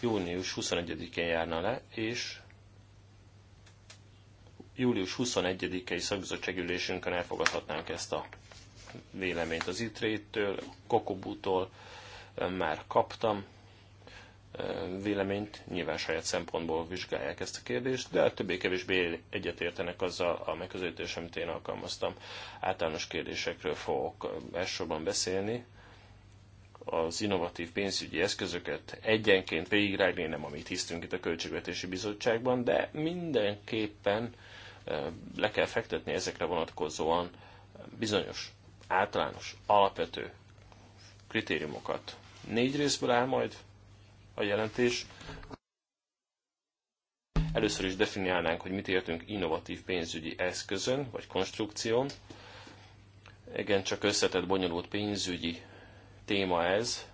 június 21-én járna le, és július 21-i szakbizottságülésünkön elfogadhatnánk ezt a véleményt az ITRÉ-től, Kokobútól már kaptam véleményt, nyilván saját szempontból vizsgálják ezt a kérdést, de többé-kevésbé egyetértenek azzal a megközelítés, amit én alkalmaztam. Általános kérdésekről fogok elsősorban beszélni, az innovatív pénzügyi eszközöket egyenként végigrágni, nem amit hisztünk itt a Költségvetési Bizottságban, de mindenképpen le kell fektetni ezekre vonatkozóan bizonyos általános, alapvető kritériumokat. Négy részből áll majd a jelentés. Először is definiálnánk, hogy mit értünk innovatív pénzügyi eszközön vagy konstrukción. Igen, csak összetett, bonyolult pénzügyi téma ez.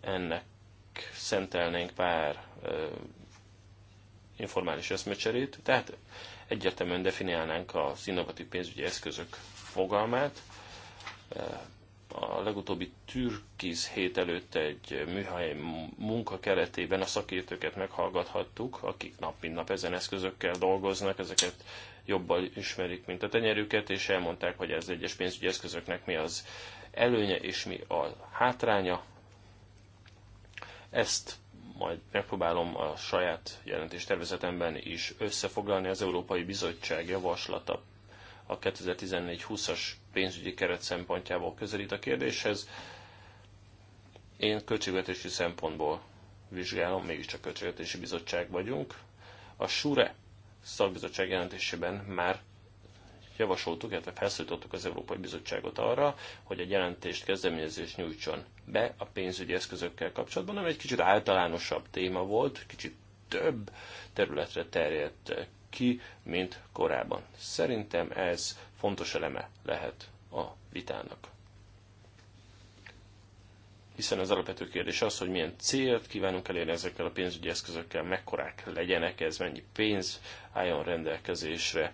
Ennek szentelnénk pár ö, informális eszmecserét. Tehát egyértelműen definiálnánk az innovatív pénzügyi eszközök fogalmát. A legutóbbi Türkiz hét előtt egy műhely munka keretében a szakértőket meghallgathattuk, akik nap mint nap ezen eszközökkel dolgoznak, ezeket jobban ismerik, mint a tenyerüket, és elmondták, hogy ez egyes pénzügyi eszközöknek mi az előnye és mi a hátránya. Ezt majd megpróbálom a saját jelentéstervezetemben is összefoglalni az Európai Bizottság javaslata a 2014-20-as pénzügyi keret szempontjából közelít a kérdéshez. Én költségvetési szempontból vizsgálom, mégiscsak költségvetési bizottság vagyunk. A SURE szakbizottság jelentésében már javasoltuk, illetve felszólítottuk az Európai Bizottságot arra, hogy egy jelentést kezdeményezést nyújtson be a pénzügyi eszközökkel kapcsolatban, ami egy kicsit általánosabb téma volt, kicsit több területre terjedt ki, mint korábban. Szerintem ez fontos eleme lehet a vitának. Hiszen az alapvető kérdés az, hogy milyen célt kívánunk elérni ezekkel a pénzügyi eszközökkel, mekkorák legyenek, ez mennyi pénz álljon rendelkezésre,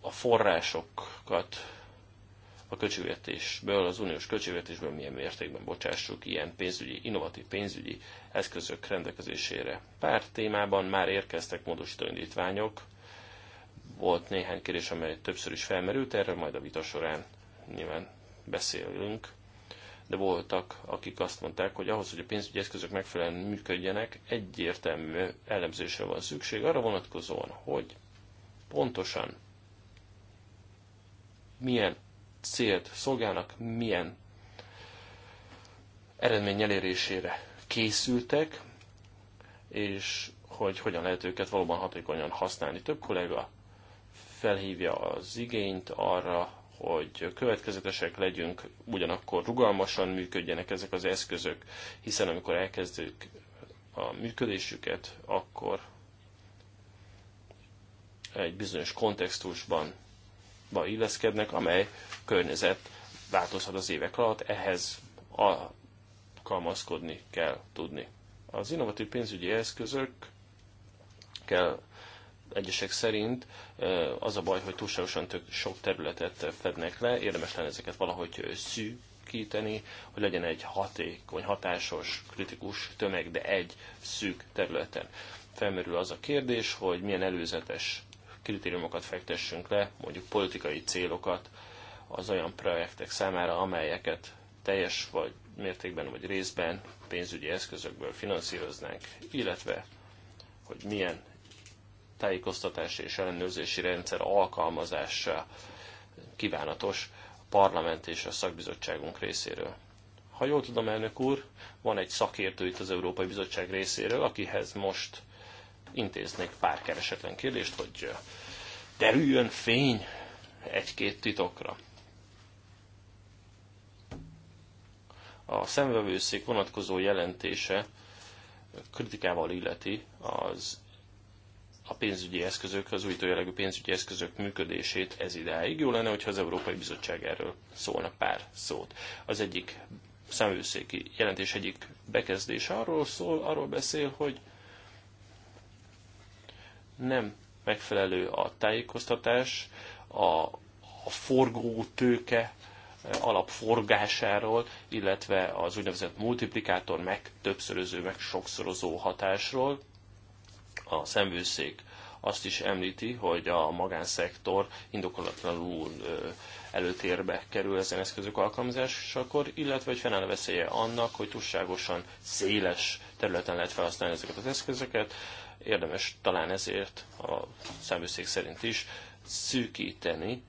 a forrásokat a költségvetésből, az uniós költségvetésből milyen mértékben bocsássuk ilyen pénzügyi, innovatív pénzügyi eszközök rendelkezésére. Pár témában már érkeztek módosító indítványok, volt néhány kérdés, amely többször is felmerült, erről majd a vita során nyilván beszélünk de voltak, akik azt mondták, hogy ahhoz, hogy a pénzügyi eszközök megfelelően működjenek, egyértelmű elemzésre van szükség arra vonatkozóan, hogy pontosan milyen célt szolgálnak, milyen eredmény elérésére készültek, és hogy hogyan lehet őket valóban hatékonyan használni. Több kollega felhívja az igényt arra, hogy következetesek legyünk, ugyanakkor rugalmasan működjenek ezek az eszközök, hiszen amikor elkezdjük a működésüket, akkor egy bizonyos kontextusban illeszkednek, amely környezet változhat az évek alatt, ehhez alkalmazkodni kell tudni. Az innovatív pénzügyi eszközök kell egyesek szerint az a baj, hogy túlságosan tök sok területet fednek le, érdemes lenne ezeket valahogy szűkíteni, hogy legyen egy hatékony, hatásos, kritikus tömeg, de egy szűk területen. Felmerül az a kérdés, hogy milyen előzetes kritériumokat fektessünk le, mondjuk politikai célokat az olyan projektek számára, amelyeket teljes vagy mértékben vagy részben pénzügyi eszközökből finanszíroznánk, illetve hogy milyen tájékoztatási és ellenőrzési rendszer alkalmazása kívánatos a parlament és a szakbizottságunk részéről. Ha jól tudom, elnök úr, van egy szakértő itt az Európai Bizottság részéről, akihez most intéznék pár keresetlen kérdést, hogy derüljön fény egy-két titokra. A szemvevőszék vonatkozó jelentése kritikával illeti az a pénzügyi eszközök, az újtó jellegű pénzügyi eszközök működését ez idáig. Jó lenne, hogyha az Európai Bizottság erről szólna pár szót. Az egyik számvőszéki jelentés egyik bekezdése arról szól, arról beszél, hogy nem megfelelő a tájékoztatás, a, a forgó tőke e, alapforgásáról, illetve az úgynevezett multiplikátor meg többszöröző, meg sokszorozó hatásról a szemvőszék azt is említi, hogy a magánszektor indokolatlanul előtérbe kerül ezen eszközök alkalmazásakor, illetve hogy fennáll a veszélye annak, hogy túlságosan széles területen lehet felhasználni ezeket az eszközöket. Érdemes talán ezért a szemvőszék szerint is szűkíteni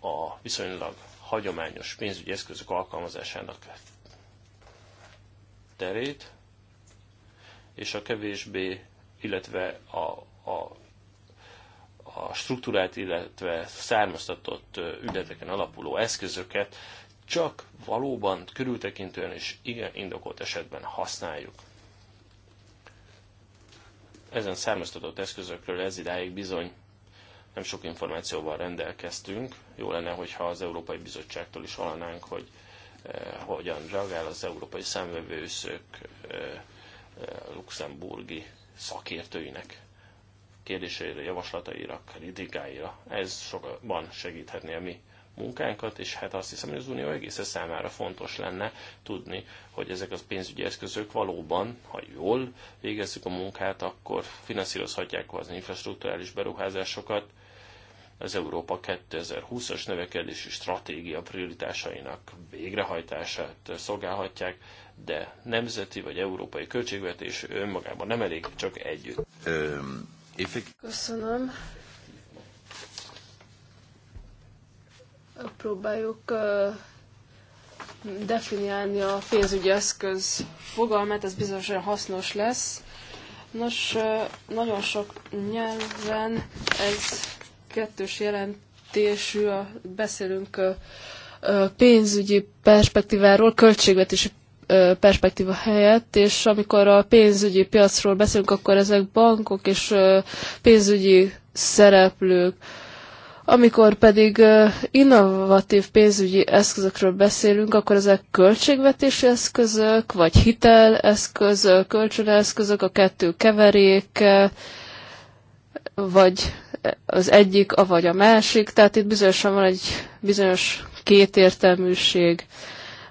a viszonylag hagyományos pénzügyi eszközök alkalmazásának terét, és a kevésbé, illetve a, a, a struktúrát, illetve származtatott ügyleteken alapuló eszközöket csak valóban körültekintően és igen indokolt esetben használjuk. Ezen származtatott eszközökről ez idáig bizony nem sok információval rendelkeztünk. Jó lenne, hogyha az Európai Bizottságtól is hallanánk, hogy eh, hogyan reagál az Európai Számvevőszök eh, luxemburgi szakértőinek kérdéseire, javaslataira, kritikáira. Ez sokban segíthetné a mi munkánkat, és hát azt hiszem, hogy az Unió egész számára fontos lenne tudni, hogy ezek az pénzügyi eszközök valóban, ha jól végezzük a munkát, akkor finanszírozhatják az infrastruktúrális beruházásokat, az Európa 2020-as növekedési stratégia prioritásainak végrehajtását szolgálhatják, de nemzeti vagy európai költségvetés önmagában nem elég, csak együtt. Köszönöm. Próbáljuk definiálni a pénzügyi eszköz fogalmát, ez bizonyosan hasznos lesz. Nos, nagyon sok nyelven ez kettős jelentésű, a, beszélünk pénzügyi perspektíváról, költségvetési perspektíva helyett, és amikor a pénzügyi piacról beszélünk, akkor ezek bankok és pénzügyi szereplők. Amikor pedig innovatív pénzügyi eszközökről beszélünk, akkor ezek költségvetési eszközök, vagy hiteleszközök, kölcsöneszközök, a kettő keveréke, vagy az egyik, vagy a másik. Tehát itt bizonyosan van egy bizonyos kétértelműség.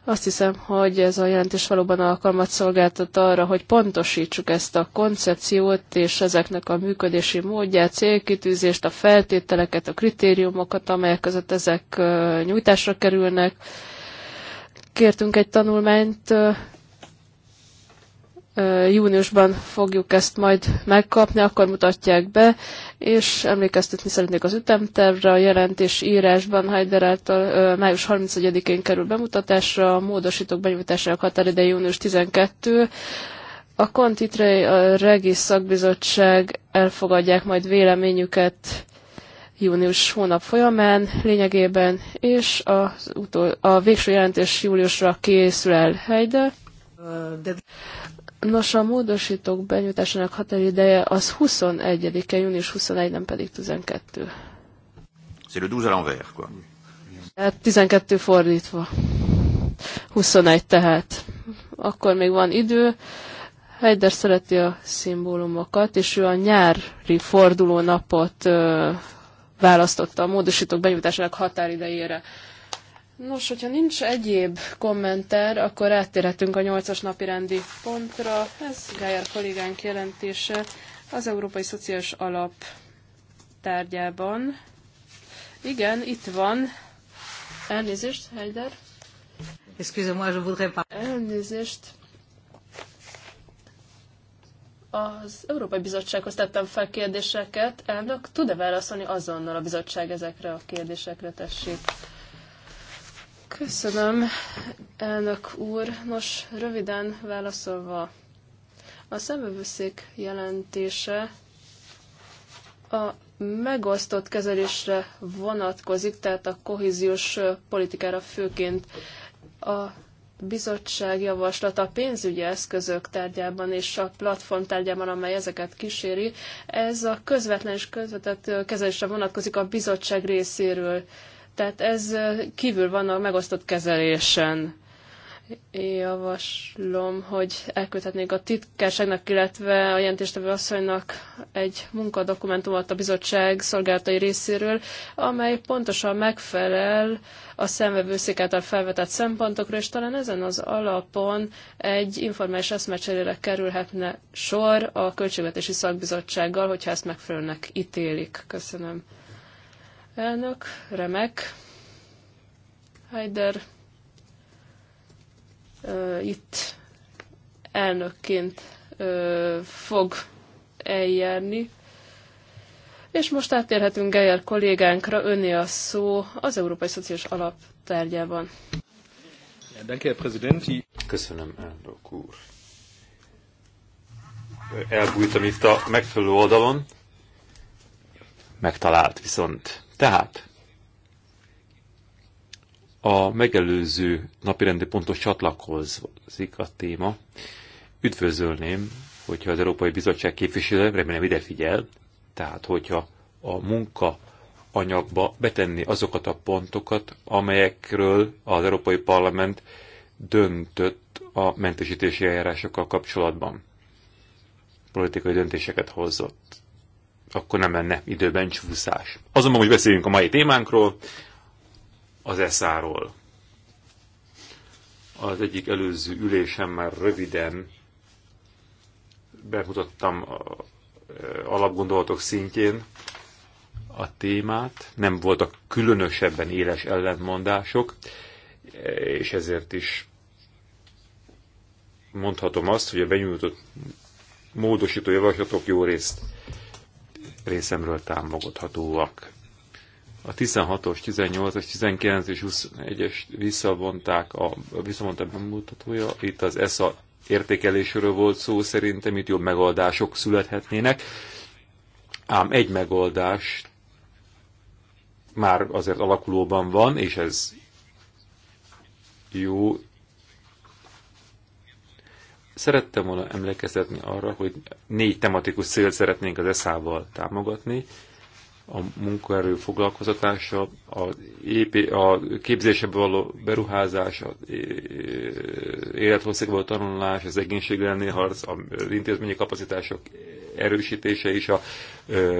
Azt hiszem, hogy ez a jelentés valóban alkalmat szolgáltat arra, hogy pontosítsuk ezt a koncepciót és ezeknek a működési módját, célkitűzést, a feltételeket, a kritériumokat, amelyek között ezek nyújtásra kerülnek. Kértünk egy tanulmányt júniusban fogjuk ezt majd megkapni, akkor mutatják be, és emlékeztetni szeretnék az ütemtervre, a jelentés írásban Heider által május 31-én kerül bemutatásra, a módosítók benyújtásának határide június 12, a Kontitre a Regis szakbizottság elfogadják majd véleményüket június hónap folyamán lényegében, és az utol, a végső jelentés júliusra készül el Heide. De... Nos, a módosítók benyújtásának határideje az 21-e, június 21, nem pedig 12. C'est le 12 à l'envers, quoi. Tehát 12 fordítva. 21 tehát. Akkor még van idő. Heider szereti a szimbólumokat, és ő a nyári fordulónapot ö, választotta a módosítók benyújtásának határidejére. Nos, hogyha nincs egyéb kommentár, akkor áttérhetünk a nyolcas napi rendi pontra. Ez Gájár kollégánk jelentése az Európai Szociális Alap tárgyában. Igen, itt van. Elnézést, Heider. Excusez-moi, je voudrais pas. Elnézést. Az Európai Bizottsághoz tettem fel kérdéseket. Elnök, tud-e válaszolni azonnal a bizottság ezekre a kérdésekre, tessék? Köszönöm, elnök úr. Nos, röviden válaszolva. A szemövőszék jelentése a megosztott kezelésre vonatkozik, tehát a kohéziós politikára főként a bizottság javaslata a pénzügyi eszközök tárgyában és a platform tárgyában, amely ezeket kíséri. Ez a közvetlen és közvetett kezelésre vonatkozik a bizottság részéről. Tehát ez kívül van a megosztott kezelésen. Javaslom, hogy elküldhetnék a titkárságnak, illetve a jelentéstevő asszonynak egy munkadokumentumot a bizottság szolgálatai részéről, amely pontosan megfelel a szemvevőszék által felvetett szempontokra, és talán ezen az alapon egy informális eszmecserére kerülhetne sor a Költségvetési Szakbizottsággal, hogyha ezt megfelelőnek ítélik. Köszönöm. Elnök, remek. Heider itt elnökként fog eljárni. És most átérhetünk Geyer kollégánkra, öné a szó az Európai Szociális Alap tárgyában. Köszönöm, elnök úr. Elbújtam itt a megfelelő oldalon, megtalált viszont tehát a megelőző napirendi pontos csatlakozik a téma. Üdvözölném, hogyha az Európai Bizottság képviselő, remélem ide figyel, tehát hogyha a munka anyagba betenni azokat a pontokat, amelyekről az Európai Parlament döntött a mentesítési eljárásokkal kapcsolatban. Politikai döntéseket hozott akkor nem lenne időben csúszás. Azonban, hogy beszéljünk a mai témánkról, az eszáról. Az egyik előző ülésen már röviden bemutattam a eh, alapgondolatok szintjén a témát, nem voltak különösebben éles ellentmondások, eh, és ezért is mondhatom azt, hogy a benyújtott módosító javaslatok jó részt részemről támogathatóak. A 16-os, 18-as, 19 és 21-es visszavonták a, a visszavonták bemutatója. Itt az ESA értékelésről volt szó, szerintem itt jobb megoldások születhetnének. Ám egy megoldás már azért alakulóban van, és ez jó, Szerettem volna emlékezetni arra, hogy négy tematikus cél szeretnénk az eszával támogatni, a munkaerő foglalkozatása, a, a képzésebe való beruházás, a élethosszígból tanulás, az egészség harc, az intézményi kapacitások erősítése és a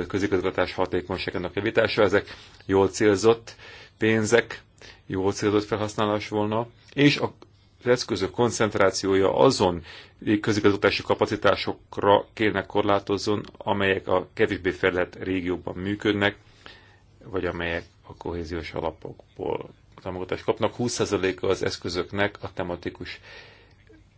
közigazgatás hatékonyságának javítása. Ezek jól célzott pénzek, jól célzott felhasználás volna, és a az eszközök koncentrációja azon közigazgatási kapacitásokra kéne korlátozzon, amelyek a kevésbé fejlett régióban működnek, vagy amelyek a kohéziós alapokból támogatást kapnak. 20%-a az eszközöknek a tematikus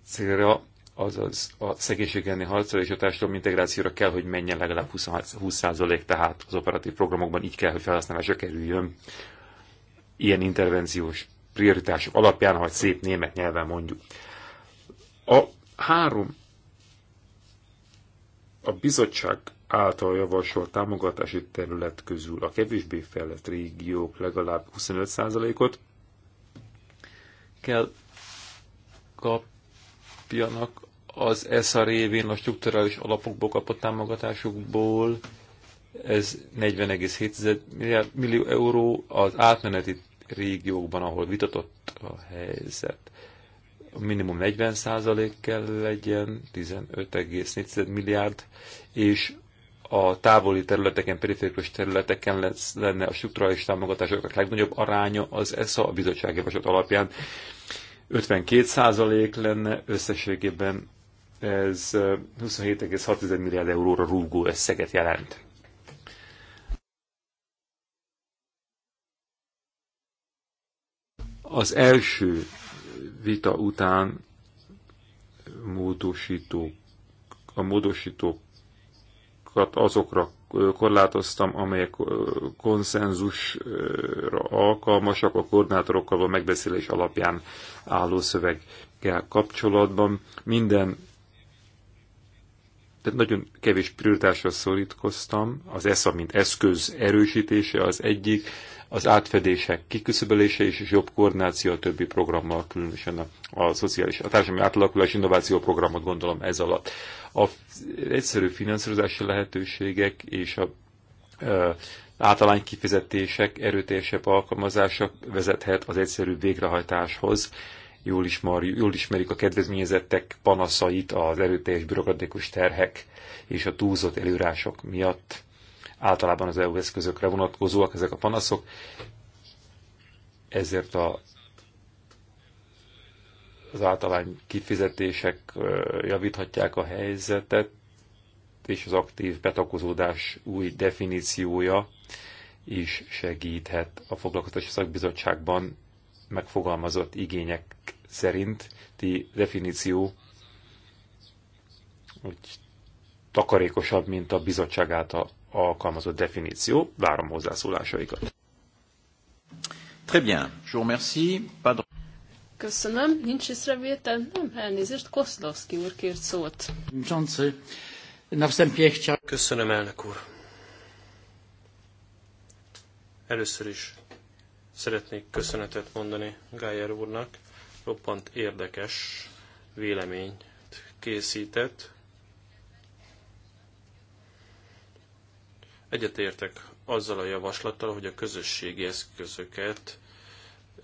célra, azaz a szegénység elleni harcra és a társadalom integrációra kell, hogy menjen legalább 20%, tehát az operatív programokban így kell, hogy felhasználásra kerüljön ilyen intervenciós prioritások alapján, ahogy szép német nyelven mondjuk. A három a bizottság által javasolt támogatási terület közül a kevésbé fejlett régiók legalább 25%-ot kell kapjanak az ESA révén a strukturális alapokból kapott támogatásukból, ez 40,7 millió euró, az átmeneti régiókban, ahol vitatott a helyzet, minimum 40% kell legyen, 15,4 milliárd, és a távoli területeken, periférikus területeken lesz, lenne a strukturális a legnagyobb aránya az ESZA a bizottság javaslat alapján. 52% lenne összességében ez 27,6 milliárd euróra rúgó összeget jelent. Az első vita után módosítók, a módosítókat azokra korlátoztam, amelyek konszenzusra alkalmasak a koordinátorokkal a megbeszélés alapján álló szöveggel kapcsolatban. Minden tehát nagyon kevés prioritásra szorítkoztam. Az ESZA, mint eszköz erősítése az egyik, az átfedések kiküszöbölése és jobb koordináció a többi programmal, különösen a, a szociális, a társadalmi átalakulás innováció programot gondolom ez alatt. A egyszerű finanszírozási lehetőségek és a e, általány kifizetések erőteljesebb alkalmazása vezethet az egyszerű végrehajtáshoz, jól, ismer, jól ismerik a kedvezményezettek panaszait az erőteljes bürokratikus terhek és a túlzott előrások miatt általában az EU eszközökre vonatkozóak ezek a panaszok, ezért a, az általány kifizetések javíthatják a helyzetet, és az aktív betakozódás új definíciója is segíthet a foglalkoztatási szakbizottságban megfogalmazott igények szerint ti definíció hogy takarékosabb, mint a bizottság által alkalmazott definíció. Várom hozzászólásaikat. Très bien. Je vous remercie. Pas Köszönöm. Nincs észrevétel? Nem, elnézést. Koszlovszki úr kért szót. Köszönöm, elnök úr. Először is szeretnék köszönetet mondani Gájer úrnak. Roppant érdekes véleményt készített. Egyetértek azzal a javaslattal, hogy a közösségi eszközöket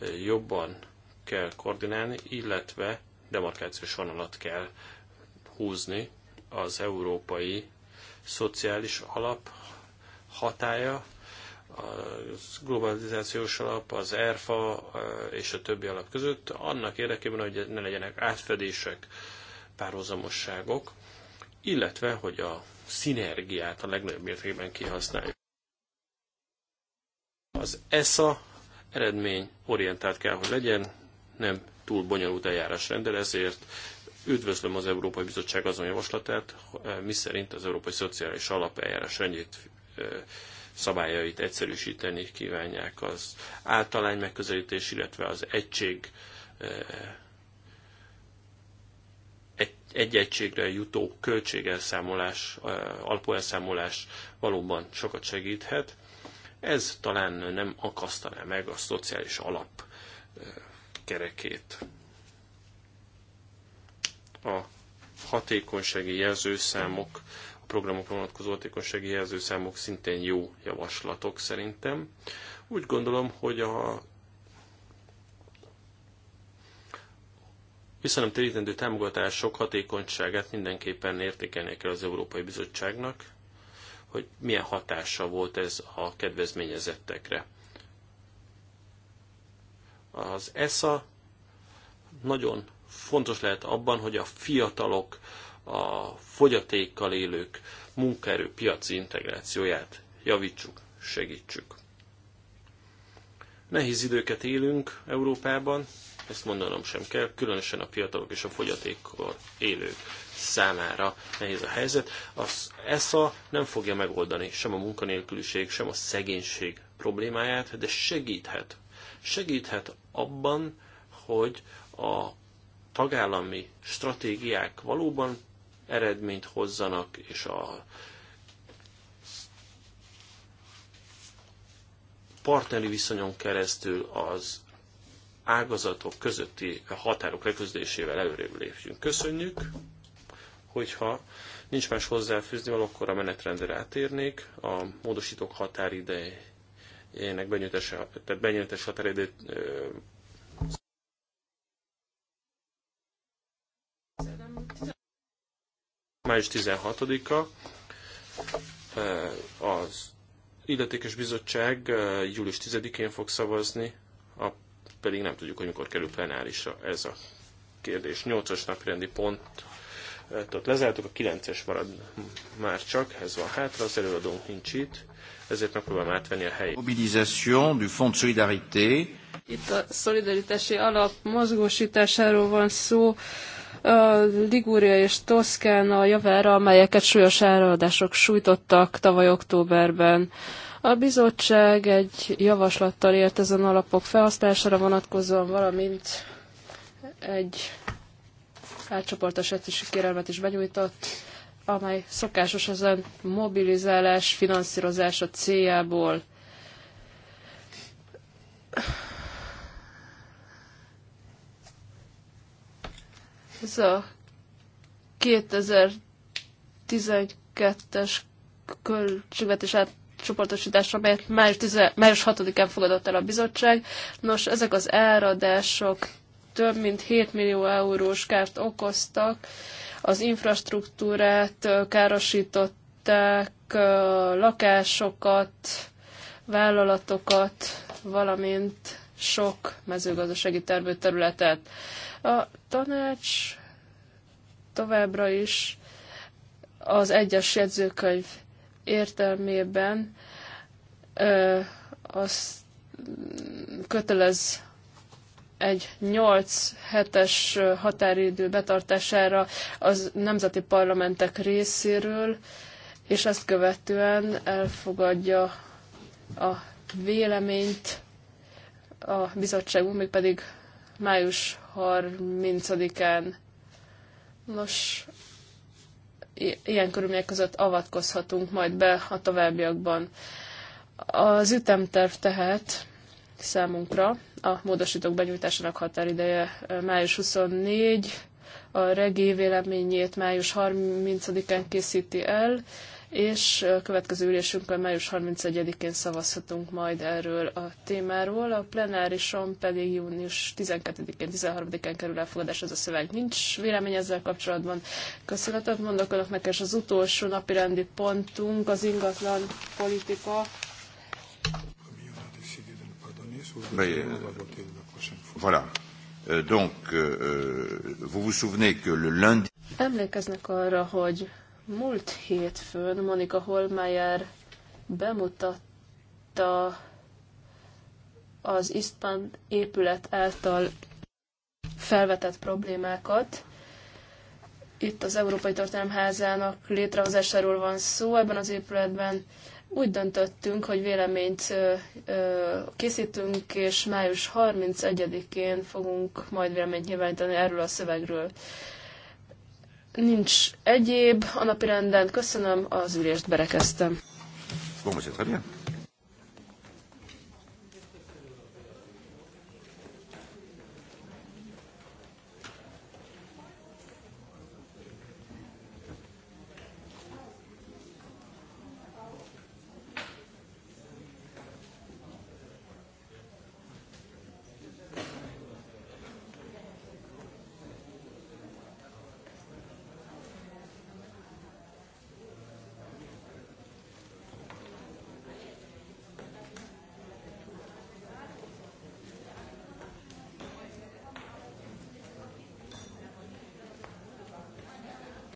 eh, jobban kell koordinálni, illetve demarkációs vonalat kell húzni az európai szociális alap hatája, a globalizációs alap, az ERFA eh, és a többi alap között, annak érdekében, hogy ne legyenek átfedések, párhuzamosságok, illetve, hogy a szinergiát a legnagyobb mértékben kihasználjuk. Az ESA eredmény orientált kell, hogy legyen, nem túl bonyolult eljárás rendel, ezért üdvözlöm az Európai Bizottság azon javaslatát, miszerint az Európai Szociális Alapeljárás rendjét szabályait egyszerűsíteni kívánják az általány megközelítés, illetve az egység egy egységre jutó költségelszámolás, alapelszámolás valóban sokat segíthet. Ez talán nem akasztaná meg a szociális alap kerekét. A hatékonysági jelzőszámok, a programokra vonatkozó hatékonysági jelzőszámok szintén jó javaslatok szerintem. Úgy gondolom, hogy a térítendő támogatások hatékonyságát mindenképpen értékelnie kell az Európai Bizottságnak, hogy milyen hatása volt ez a kedvezményezettekre. Az ESA nagyon fontos lehet abban, hogy a fiatalok, a fogyatékkal élők munkaerő piaci integrációját javítsuk, segítsük. Nehéz időket élünk Európában, ezt mondanom sem kell, különösen a fiatalok és a fogyatékkor élők számára nehéz a helyzet. Az ESA nem fogja megoldani sem a munkanélküliség, sem a szegénység problémáját, de segíthet. Segíthet abban, hogy a tagállami stratégiák valóban eredményt hozzanak, és a partneri viszonyon keresztül az ágazatok közötti határok leközdésével előrébb lépjünk. Köszönjük, hogyha nincs más hozzáfűzni, van akkor a menetrendre átérnék. A módosítók határidejének benyújtása, tehát benyújtás határidejét május 16-a az illetékes bizottság július 10-én fog szavazni, a pedig nem tudjuk, hogy mikor kerül plenárisra ez a kérdés. 8-as napirendi pont tehát lezártuk, a 9-es marad már csak, ez van hátra, az előadónk nincs itt, ezért megpróbálom átvenni a helyét. Mobilisation du Fond de Solidarité. Itt a szolidaritási alap mozgósításáról van szó. Ligúria és Toszkána javára, amelyeket súlyos áradások sújtottak tavaly októberben. A bizottság egy javaslattal ért ezen alapok felhasználására vonatkozóan, valamint egy átcsoportosítási kérelmet is benyújtott, amely szokásos ezen mobilizálás finanszírozása céljából Ez a 2012-es költségvetés átcsoportosítás, amelyet május, 10, május 6-án fogadott el a bizottság. Nos, ezek az elradások több mint 7 millió eurós kárt okoztak, az infrastruktúrát károsították, lakásokat, vállalatokat, valamint sok mezőgazdasági területet. A tanács továbbra is az egyes jegyzőkönyv értelmében ö, az kötelez egy 8 hetes határidő betartására az nemzeti parlamentek részéről, és ezt követően elfogadja a véleményt a bizottságunk, mégpedig május 30-án. Nos, ilyen körülmények között avatkozhatunk majd be a továbbiakban. Az ütemterv tehát számunkra a módosítók benyújtásának határideje május 24, a regi véleményét május 30-án készíti el, és a következő ülésünkön május 31-én szavazhatunk majd erről a témáról, a plenárison pedig június 12-én, 13-án kerül elfogadás ez a szöveg. Nincs vélemény ezzel kapcsolatban. Köszönetet mondok önöknek, és az utolsó napi rendi pontunk az ingatlan politika. Euh, voilà. Euh, donc, euh, vous vous souvenez que le lundi... Emlékeznek arra, hogy Múlt hétfőn Monika Holmeyer bemutatta az Isztán épület által felvetett problémákat. Itt az Európai Történelemházának létrehozásáról van szó ebben az épületben. Úgy döntöttünk, hogy véleményt készítünk, és május 31-én fogunk majd véleményt nyilvánítani erről a szövegről nincs egyéb a napirenden. Köszönöm, az ülést berekeztem. Bon,